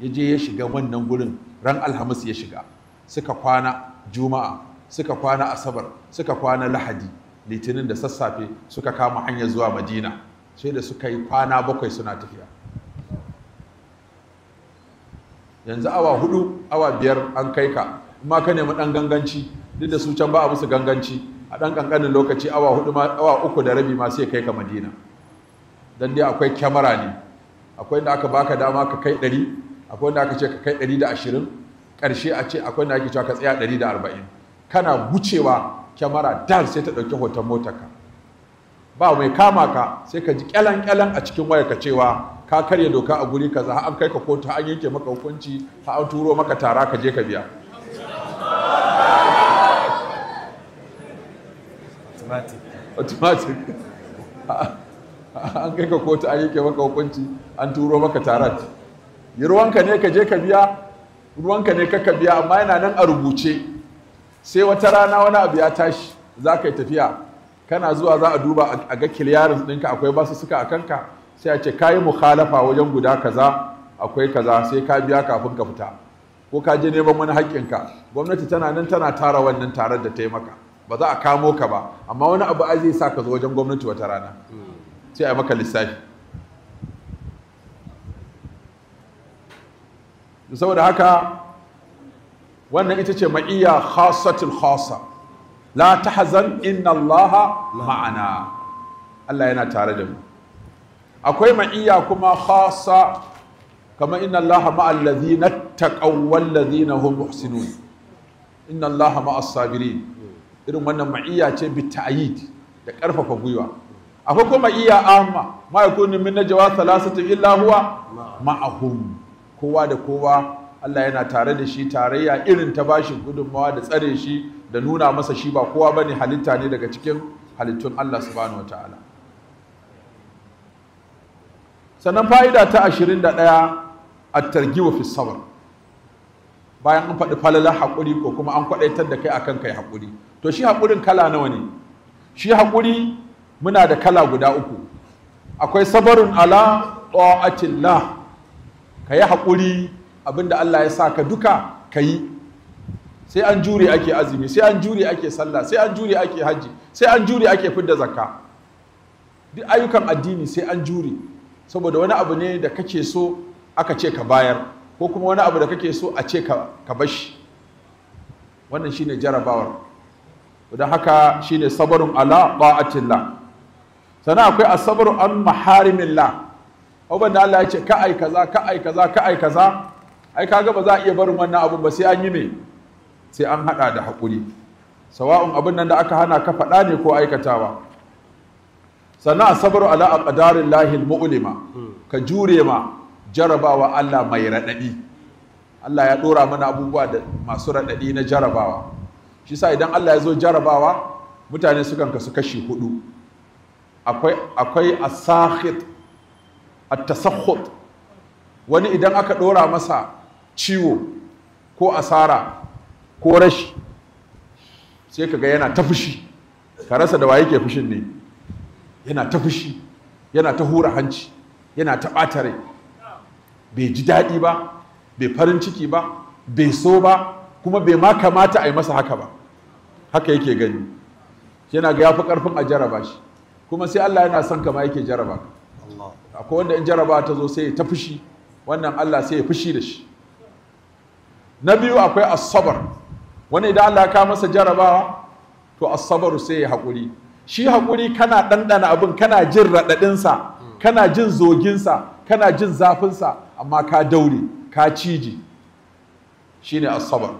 ya je ya shiga wannan gurin ran alhamis ya shiga suka kwana juma'a suka kwana asabar suka kwana lahadi litinin da sassafe suka kama hanyar zuwa madina sai da suka yi kwana bakwai suna tafiya yanzu awa hudu awa biyar an kai ka ma ka nemi dan ganganci duk da su can ba a musu ganganci a dan kankanin lokaci awa hudu ma awa uku da rabi ma sai kai ka madina dan dai akwai kyamara ne akwai da aka baka dama ka kai ɗari akwai da aka ce ka kai ɗari da ashirin ƙarshe a ce akwai da ake cewa ka tsaya ɗari da arba'in kana wucewa kyamara dar sai ta ɗauki hoton motarka ba mai kama ka sai ka ji kyalan kyalan a cikin waya ka cewa ka karya doka a guri kaza an kai ka kotu an yanke maka hukunci har an turo maka tara ka je ka biya automatic an kai ka kotu an yanke maka hukunci an turo maka tara yi ruwanka ne ka je ka biya ruwanka ne ka biya amma yana nan a rubuce sai wata rana wani abu ya tashi za ka yi tafiya kana zuwa za a duba a ga kiliyarin ɗinka akwai basu suka a kanka sai a ce ka kayi mukhalafa wajen guda kaza akwai kaza sai ka biya kafin ka fita ko ka je neman wani haƙƙinka gwamnati tana nan tana tara wannan tarar da ta yi maka ba za a kamo ka ba amma wani abu a zai sa ka zo wajen gwamnati wata rana sai a maka lissafi saboda haka wannan ita ce ma'iyya khasatul khasa la tahzan inna allaha ma'ana Allah yana tare da mu akwai ma'iyya kuma khassa kama inna allaha ma'al ladhina taqaw ladina hum muhsinun inna allaha sabirin irin wannan ma'iyya ce bi ta'yid da karfafa gwiwa akwai kuma ma'iyya amma ma yakunu min najwa thalathatu illa huwa ma'ahum kowa da kowa Allah yana tare da shi tarayya irin ta bashi gudunmawa da tsare shi da nuna masa shi ba kowa bane halitta ne daga cikin halittun Allah subhanahu wataala sannan fa'ida ta 21 at-targhib fi sabr bayan an faɗi falalar haƙuri ko kuma an kwaɗaitar da kai akan kai haƙuri to shi haƙurin kala nawa ne shi haƙuri muna da kala guda uku akwai sabarun ala ta'atillah ka yi haƙuri abinda Allah ya sa ka duka ka yi sai an jure ake azumi sai an jure ake sallah sai an jure ake hajji sai an jure ake fidda zakka duk ayyukan addini sai an jure saboda wani abu ne da kake so aka ce ka bayar ko kuma wani abu da kake so a ce ka bashi wannan shine jarabawar don haka shine sabarun ala ta'atillah sannan akwai asabarun an la abin da Allah ya ce ka ai kaza ka kaza ka kaza ai kaga ba za a iya barin wannan abun ba sai an yi me sai an hada da hakuri sawa'un abin nan da aka hana ka faɗa ne ko aikatawa sannan asabaru ala ƙadarin lahil mu'lima ka jure ma jarabawa Allah mai raɗaɗi. Allah ya ɗora mana abubuwa da masu raɗaɗi na jarabawa shi sa idan Allah ya zo jarabawa mutane sukan kasu kashi hudu akwai akwai asakhit at-tasakhut wani idan aka ɗora masa ciwo ko asara ko rashi sai ka ga yana ta fushi ka rasa da waye ke fushin ne yana ta fushi yana ta hura hanci yana ta ɓata bai ji daɗi ba bai farin ciki ba bai so ba kuma bai ma kamata a yi masa haka ba haka yake gani yana ga yafi ƙarfin a jaraba shi kuma sai Allah yana son kama yake jaraba akwai wanda in jaraba ta zo sai ya ta fushi wannan Allah sai ya fushi da shi na biyu akwai asabar wani idan Allah ka masa jarabawa to asabar sai ya haƙuri shi haƙuri kana ɗanɗana abin kana jin raɗaɗinsa kana jin zoginsa kana jin zafinsa amma ka daure ka ciji Shi ne asabar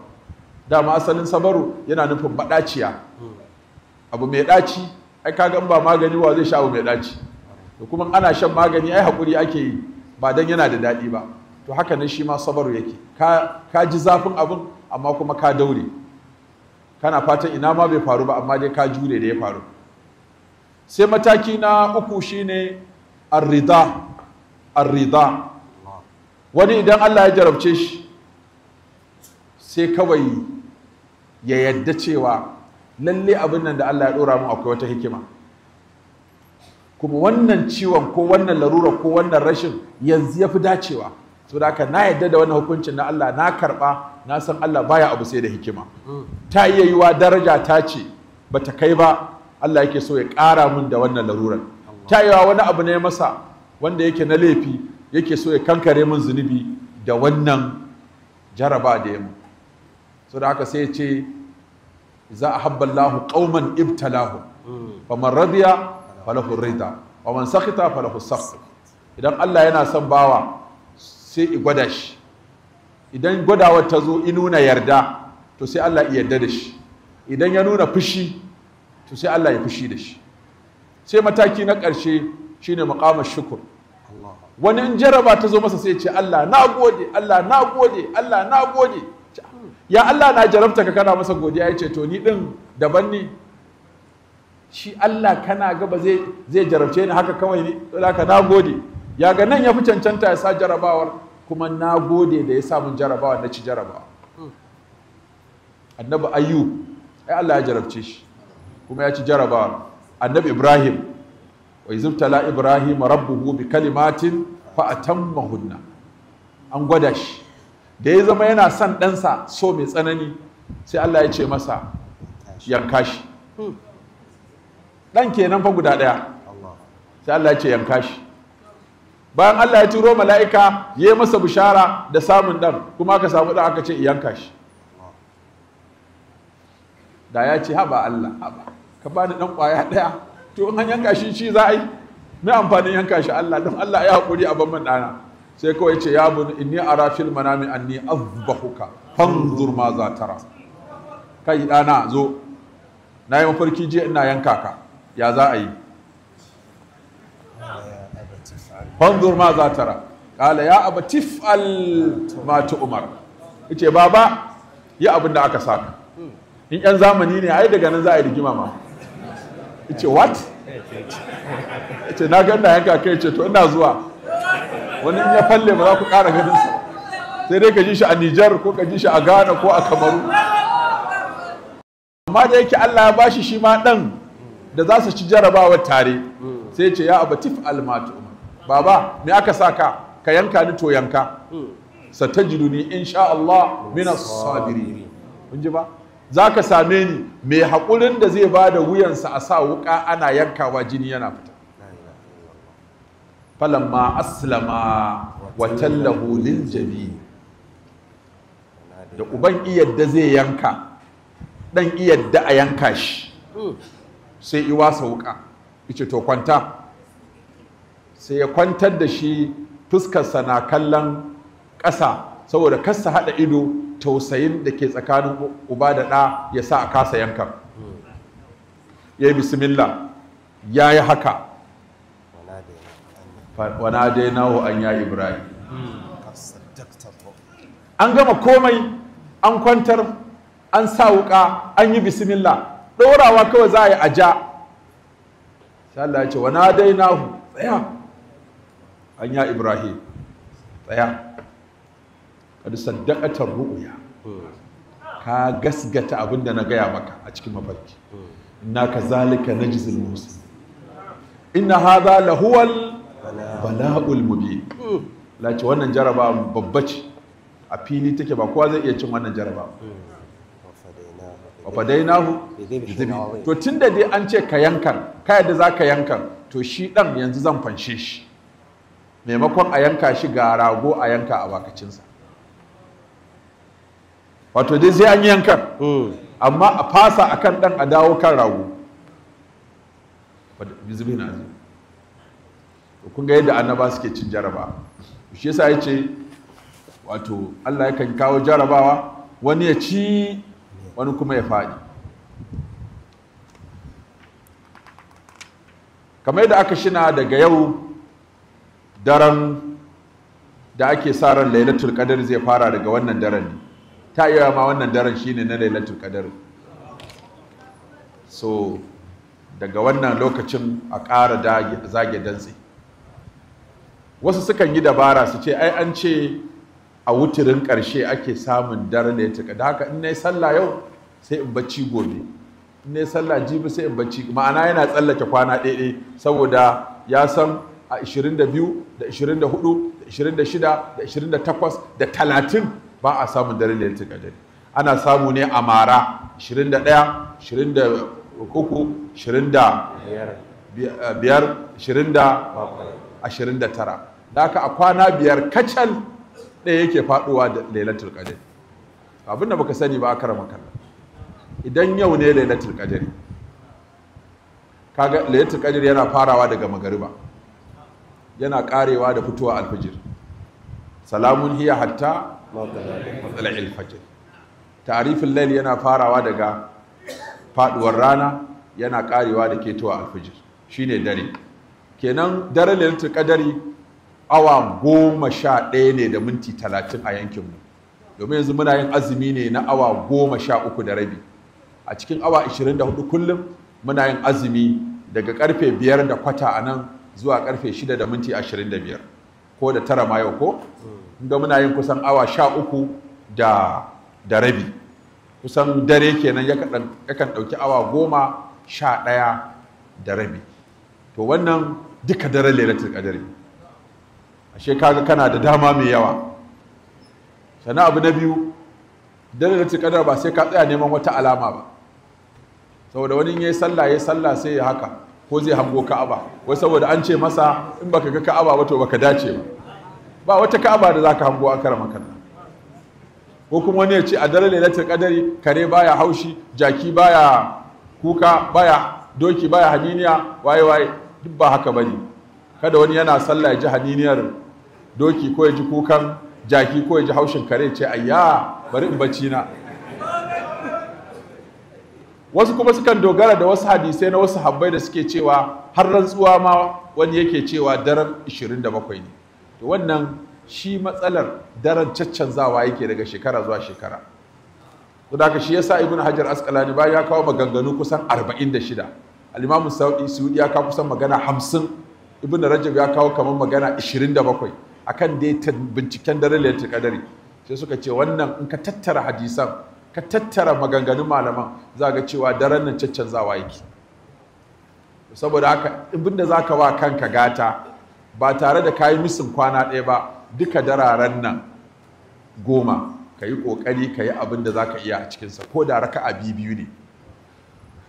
dama asalin sabaru yana nufin baɗaciya abu mai ɗaci ai ka ba magani wa zai sha abu mai ɗaci da kuma ana shan magani ai haƙuri ake yi ba dan yana da daɗi ba to haka ne shi ma sabaru yake ka ji zafin abin amma kuma ka daure kana fatan ina ma bai faru ba amma dai ka jure da ya faru sai mataki na uku shine arrida arrida wani idan Allah ya jarabce shi sai kawai ya yadda cewa lalle abin nan da Allah ya dora mu akwai wata hikima kuma wannan ciwon ko wannan larura ko wannan rashin yanzu ya fi dacewa so haka na yadda da wannan hukuncin na Allah na karba na san Allah baya abu sai da hikima ta iya yiwa daraja ta ce bata kai ba Allah yake so ya ƙara mun da wannan larurar ta yiwa wani abu ne masa wanda yake na laifi yake so ya kankare mun zunubi da wannan jaraba da yamu so haka sai ya ce za a Allahu qauman ibtalahu man radiya falahu rida wa man sakhita falahu sakh idan Allah yana son bawa sai i gwada shi idan gwadawar ta zo i nuna yarda to sai Allah ya yarda da shi idan ya nuna fushi to sai Allah ya fushi da shi sai mataki na ƙarshe shine maqamar shukur wani in jaraba ta zo masa sai ce Allah na gode Allah na gode Allah na gode ya Allah na jarabta ka kana masa godiya ya ce to ni din daban ni shi Allah kana gaba zai jarabce ni haka kawai ne haka na gode ya ga nan ya fi cancanta ya sa jarabawar kuma na gode da ya samun jarabawa na ci jarabawa annabi ayu ai Allah ya jarabce shi kuma ya ci jarabawa annabi ibrahim wa izibtala ibrahim rabbuhu bi kalimatin fa atammahunna an gwada shi da ya zama yana son ɗansa so mai tsanani sai Allah ya ce masa yanka shi hmm. ɗan kenan fa guda ɗaya sai Allah ya ce yanka shi bayan Allah ya turo mala'ika ya yi masa bishara da samun ɗan kuma aka samu ɗan aka ce yanka shi da ya ce haba Allah haba ka ba ni ɗan ƙwaya ɗaya to in an yanka shi shi za a yi mai amfanin yanka shi Allah don Allah ya haƙuri a banban ɗana sai kawai ce ya bu inni ara fil manami anni azbahuka fanzur ma za tara kai ɗana zo na yi mafarki jiya ina yanka ka ya za a yi fanzur ma za tara kala ya abu tif'al ma umar ba baba yi abin da aka saka in yan zamani ne ai daga nan za a yi rigima ma yace what yace na ga ina yanka kai ce to ina zuwa wani in ya falle ba za ku ƙara ganin sa sai dai ka ji shi a Nijar ko ka ji shi a Ghana ko a Kamaru amma da yake Allah ya bashi shi ma dan da za su ci jarabawar tare sai ce ya abatif al Umar. baba me aka saka ka yanka ni to yanka satajiduni insha Allah minas sabirin kun ji ba zaka same ni mai hakurin da zai ba da wuyansa a sa wuka ana yankawa jini yana fita falamma aslama wa tallahu lil jabi da uban iyadda zai yanka dan iyadda a yanka shi sai iwasa wuka yace to kwanta sai ya kwantar da shi fuskarsa na kallon ƙasa saboda kasa haɗa ido tausayin da ke tsakanin uba da ɗa ya sa a kasa yankan ya yi bismillah ya yi haka wana dai nawo an ya ibrahim an gama komai an kwantar an sa wuka an yi bismillah ɗorawa kawai za a yi aja Allah ya ce wana dai nahu tsaya an ya ibrahim tsaya kada saddaqatar ru'ya ka gasgata abinda na gaya maka a cikin mafarki inna kazalika na musin inna hadha lahuwal bala'ul mubin lati wannan jaraba babba ce a fili take ba kowa zai iya cin wannan jaraba wa fadainahu to tunda dai an ce ka yankan ka yadda za ka yankan to shi dan yanzu zan fanshe shi maimakon a yanka shi ga rago a yanka a bakacinsa wato dai sai an yankan hmm. amma a fasa a kan ɗan a dawo kan rago kun ga yadda annaba suke cin jaraba shi yasa ya ce wato allah yakan kawo jarabawa wani ya ci wani kuma ya faɗi kamar yadda aka shina daga yau daren da ake sa ran lailatul qadar zai fara daga wannan daren ne ta iya ma wannan daren shine na lailatul qadar so daga wannan lokacin a ƙara zage dantse wasu sukan yi dabara su ce ai an ce a wuturin ƙarshe ake samun daren lailatul Da haka in nayi sallah yau sai in bacci gobe in nayi sallah jibi sai in bacci ma'ana yana tsallake kwana ɗaya saboda ya san a 22 da 24 da 26 da 28 da 30 ba a samun daren lailatul qadr ana samu ne a mara 21 da aka a kwana biyar kacal ɗaya yake faduwa da lailatul abin da baka sani ba a karama makarar idan yau ne lailatul qadr kaga lailatul yana farawa daga magariba yana karewa da fitowa alfajir salamun hiya hatta matsala'il fajir tarifin lail yana farawa daga faduwar rana yana karewa da ketowa alfajir shine dare kenan dare lailatul kadari awa goma sha ɗaya ne da minti talatin a yankinmu domin yanzu muna yin azumi ne na awa goma sha uku da rabi a cikin awa 24 kullum muna yin azumi daga karfe biyar da kwata a nan zuwa karfe 6 da minti 25 ko da tara ma yau ko inda muna yin kusan awa 13 da da rabi kusan dare kenan yakan ɗauki awa goma sha ɗaya da rabi to wannan duka daren lailatul qadari ashe kaga kana da dama mai yawa sana abu na biyu daren lailatul qadar ba sai ka tsaya neman wata alama ba saboda wani yayi sallah yayi sallah sai ya haka ko zai hango ka'aba wai saboda an ce masa in baka ga ka'aba ba to baka dace ba ba wata ka'aba da zaka hango a karama na. ko kuma wani ya ce a daren lailatul qadari kare baya haushi jaki baya kuka baya doki baya haniniya waye waye duk ba haka bane kada wani yana sallah ya ji haniniyar doki ko ya ji kukan jaki ko ya ji haushin kare ce ayya bari in bacci na wasu kuma sukan dogara da wasu hadisai na wasu habbai da suke cewa har rantsuwa ma wani yake cewa daren 27 ne to wannan shi matsalar daren caccanzawa yake daga shekara zuwa shekara to da shi yasa ibnu hajar asqalani ba ya kawo maganganu kusan 46 al-imam saudi suudi ya kawo kusan magana 50 ibnu rajab ya kawo kamar magana 27 akan dai binciken daren lailatul qadari sai suka ce wannan in ka tattara hadisan ka tattara maganganun malaman za ga cewa daren nan wa yake saboda haka abinda za ka ba kanka gata ba tare da kayi misin kwana ɗaya ba duka dararen nan goma ka yi ƙoƙari ka yi abin da za ka iya a cikinsa ko da raka'a biyu biyu ne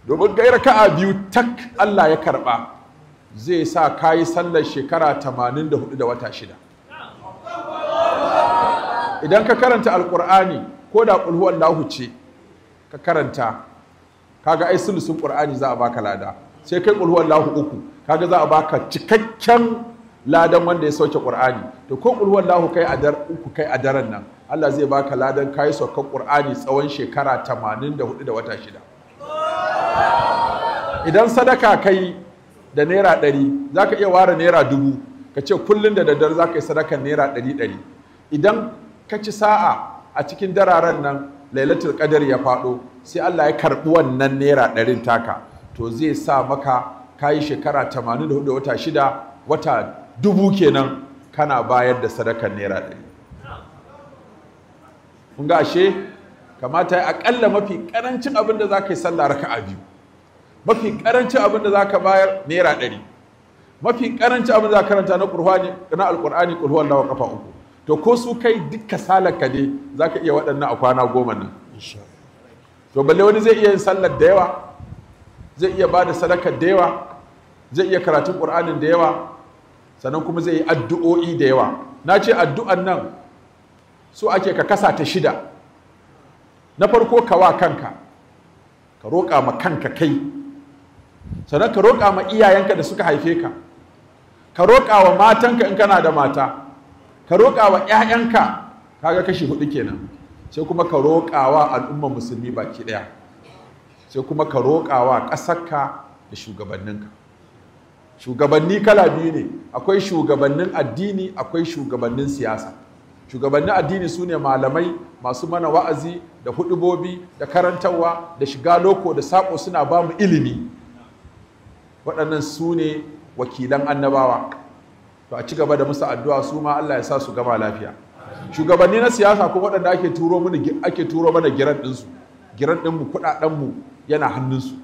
domin gai raka'a biyu tak Allah ya karɓa zai sa ka yi sallar shekara tamanin da hudu da wata shida idan ka karanta alƙur'ani ko da qul lahu ce ka karanta kaga ai sulusun ƙur'ani za a baka lada sai kai qul lahu uku kaga za a baka cikakken ladan wanda ya sauke ƙur'ani to ko qul lahu kai a dar uku kai a daren nan Allah zai baka ladan kai saukan ƙur'ani tsawon shekara 84 da wata shida idan sadaka kai da naira ɗari za ka iya ware naira dubu ka ce kullum da daddare za ka yi sadakar naira ɗari ɗari idan ka ci sa'a a cikin dararen nan lailatul qadar ya faɗo sai Allah ya karɓi wannan naira ɗarin taka to zai sa maka kayi shekara 84 wata shida wata dubu kenan kana bayar da sadakar naira ɗari kun ga ashe kamata ya aƙalla mafi ƙarancin abin da za ka yi sallah a biyu mafi ƙarancin abin da za ka bayar naira ɗari mafi ƙarancin abin da za ka karanta na Alƙur'ani kul lawa kafa uku to ko su kai duk kasalar ka ne zaka iya waɗannan a kwana goma nan to balle wani zai iya yin sallar da yawa zai iya ba da sadakar da yawa zai iya karatun ƙur'anin da yawa sannan kuma zai yi addu'o'i da yawa na ce addu'an nan su ake ka kasa ta shida na farko ka wa kanka ka roƙa ma kanka kai sannan ka roƙa ma iyayenka da suka haife ka ka roƙa wa matanka in kana da mata ka roƙa wa 'ya'yanka kaga kashi hudu kenan sai kuma ka roƙa wa al'ummar musulmi baki ɗaya sai kuma ka roƙa wa ƙasarka da shugabanninka shugabanni kala biyu ne akwai shugabannin addini akwai shugabannin siyasa shugabannin addini su ne malamai masu mana wa'azi da hudubobi da karantarwa da shiga loko da saƙo suna ba mu ilimi waɗannan su ne wakilan annabawa to a ci gaba da musu addu'a su ma Allah ya sa su gama lafiya shugabanni na siyasa ko waɗanda ake turo mana ake turo mana giran ɗinsu giran ɗinmu mu yana hannunsu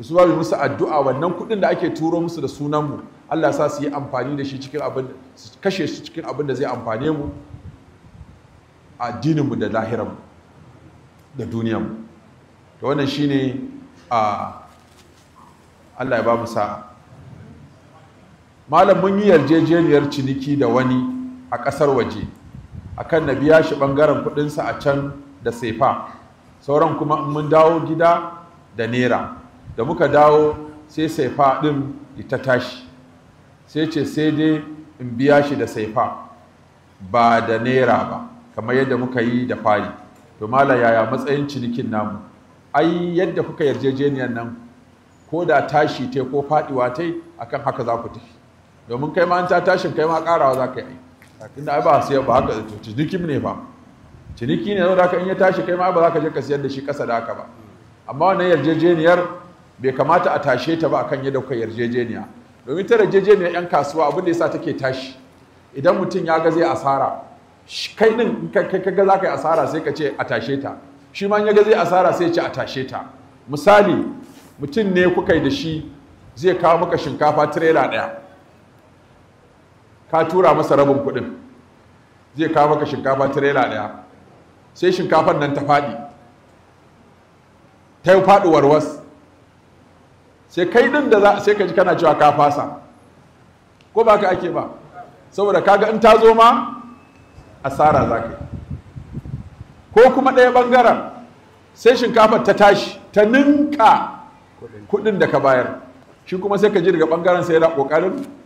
su ba musu addu'a wannan kuɗin da ake turo musu da sunanmu Allah ya sa su yi amfani da shi cikin abin su kashe shi cikin abin da zai amfane mu addininmu da lahiranmu da mu to wannan shine a Allah ya ba mu sa'a malam mun yi yarjejeniyar ciniki da wani a ƙasar waje akan na biya shi ɓangaren kuɗinsa a can da sefa sauran kuma in mun dawo gida da nera da muka dawo sai saifa ɗin ita tashi sai ce sai dai in biya shi da saifa ba da nera ba kamar yadda muka yi da fari to mala yaya matsayin cinikin namu ai yadda kuka yarjejeniyar nan ko da tashi ta ko faɗiwa tai akan haka za ku tafi domin kai ma an ta tashin kai ma karawa za ka yi inda ai ba sai ba haka ciniki ne fa ciniki ne da in ya tashi kai ma ba za ka je ka siyar da shi kasa da haka ba amma wannan yarjejeniyar bai kamata a tashe ta ba akan yadda kuka yarjejeniya domin ta yarjejeniyar yan kasuwa abin da yasa take tashi idan mutum ya ga zai asara kai din kai ka ga za ka yi asara sai ka ce a tashe ta shi ma ya ga zai asara sai ya ce a tashe ta misali mutum ne kuka yi da shi zai kawo maka shinkafa tirela daya. ka tura masa rabin kuɗin zai kawo maka shinkafa tirela ɗaya sai shinkafar nan ta faɗi ta yi faɗuwar was? sai kai ɗin da za sai ka ji kana cewa ka fasa ko ba ka ake ba saboda kaga in ta zo ma asara za ka yi ko kuma ɗaya ɓangaren sai shinkafar ta tashi ta ninka kuɗin da ka bayar shi kuma sai ka ji daga ɓangaren sai da ƙoƙarin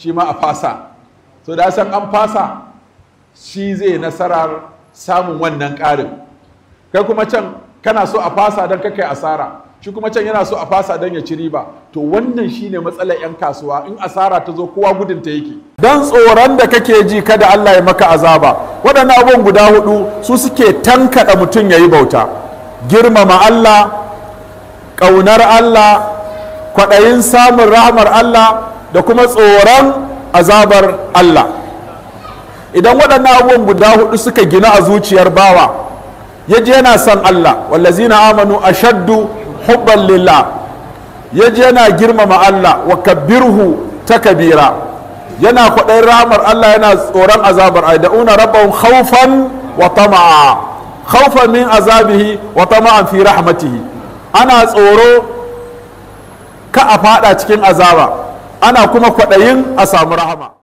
shi ma a fasa so da san an fasa shi zai nasarar samun wannan ƙarin kai kuma can kana so a fasa don kakai asara shi kuma can yana so a fasa don ya ci riba to wannan shine matsalar 'yan kasuwa in asara ta zo kowa gudunta ta yake don tsoron da kake ji kada Allah ya maka azaba waɗannan abubuwan guda hudu su suke tankaɗa mutum ya yi bauta girmama Allah ƙaunar Allah kwaɗayin samun rahamar Allah da kuma tsoron azabar Allah idan waɗannan abubuwan guda hudu suka gina a zuciyar bawa ya je yana son Allah wallazina amanu a shaddu hubban lillah ya je yana girmama Allah wa kabbirhu kabira yana kwaɗayin ramar Allah yana tsoron azabar ai da'una rabban khawfan wa tama'a khawfan min azabihi wa tama'an fi rahmatihi ana tsoro ka a fada cikin azaba ana kuma kwaɗayin a samu rahama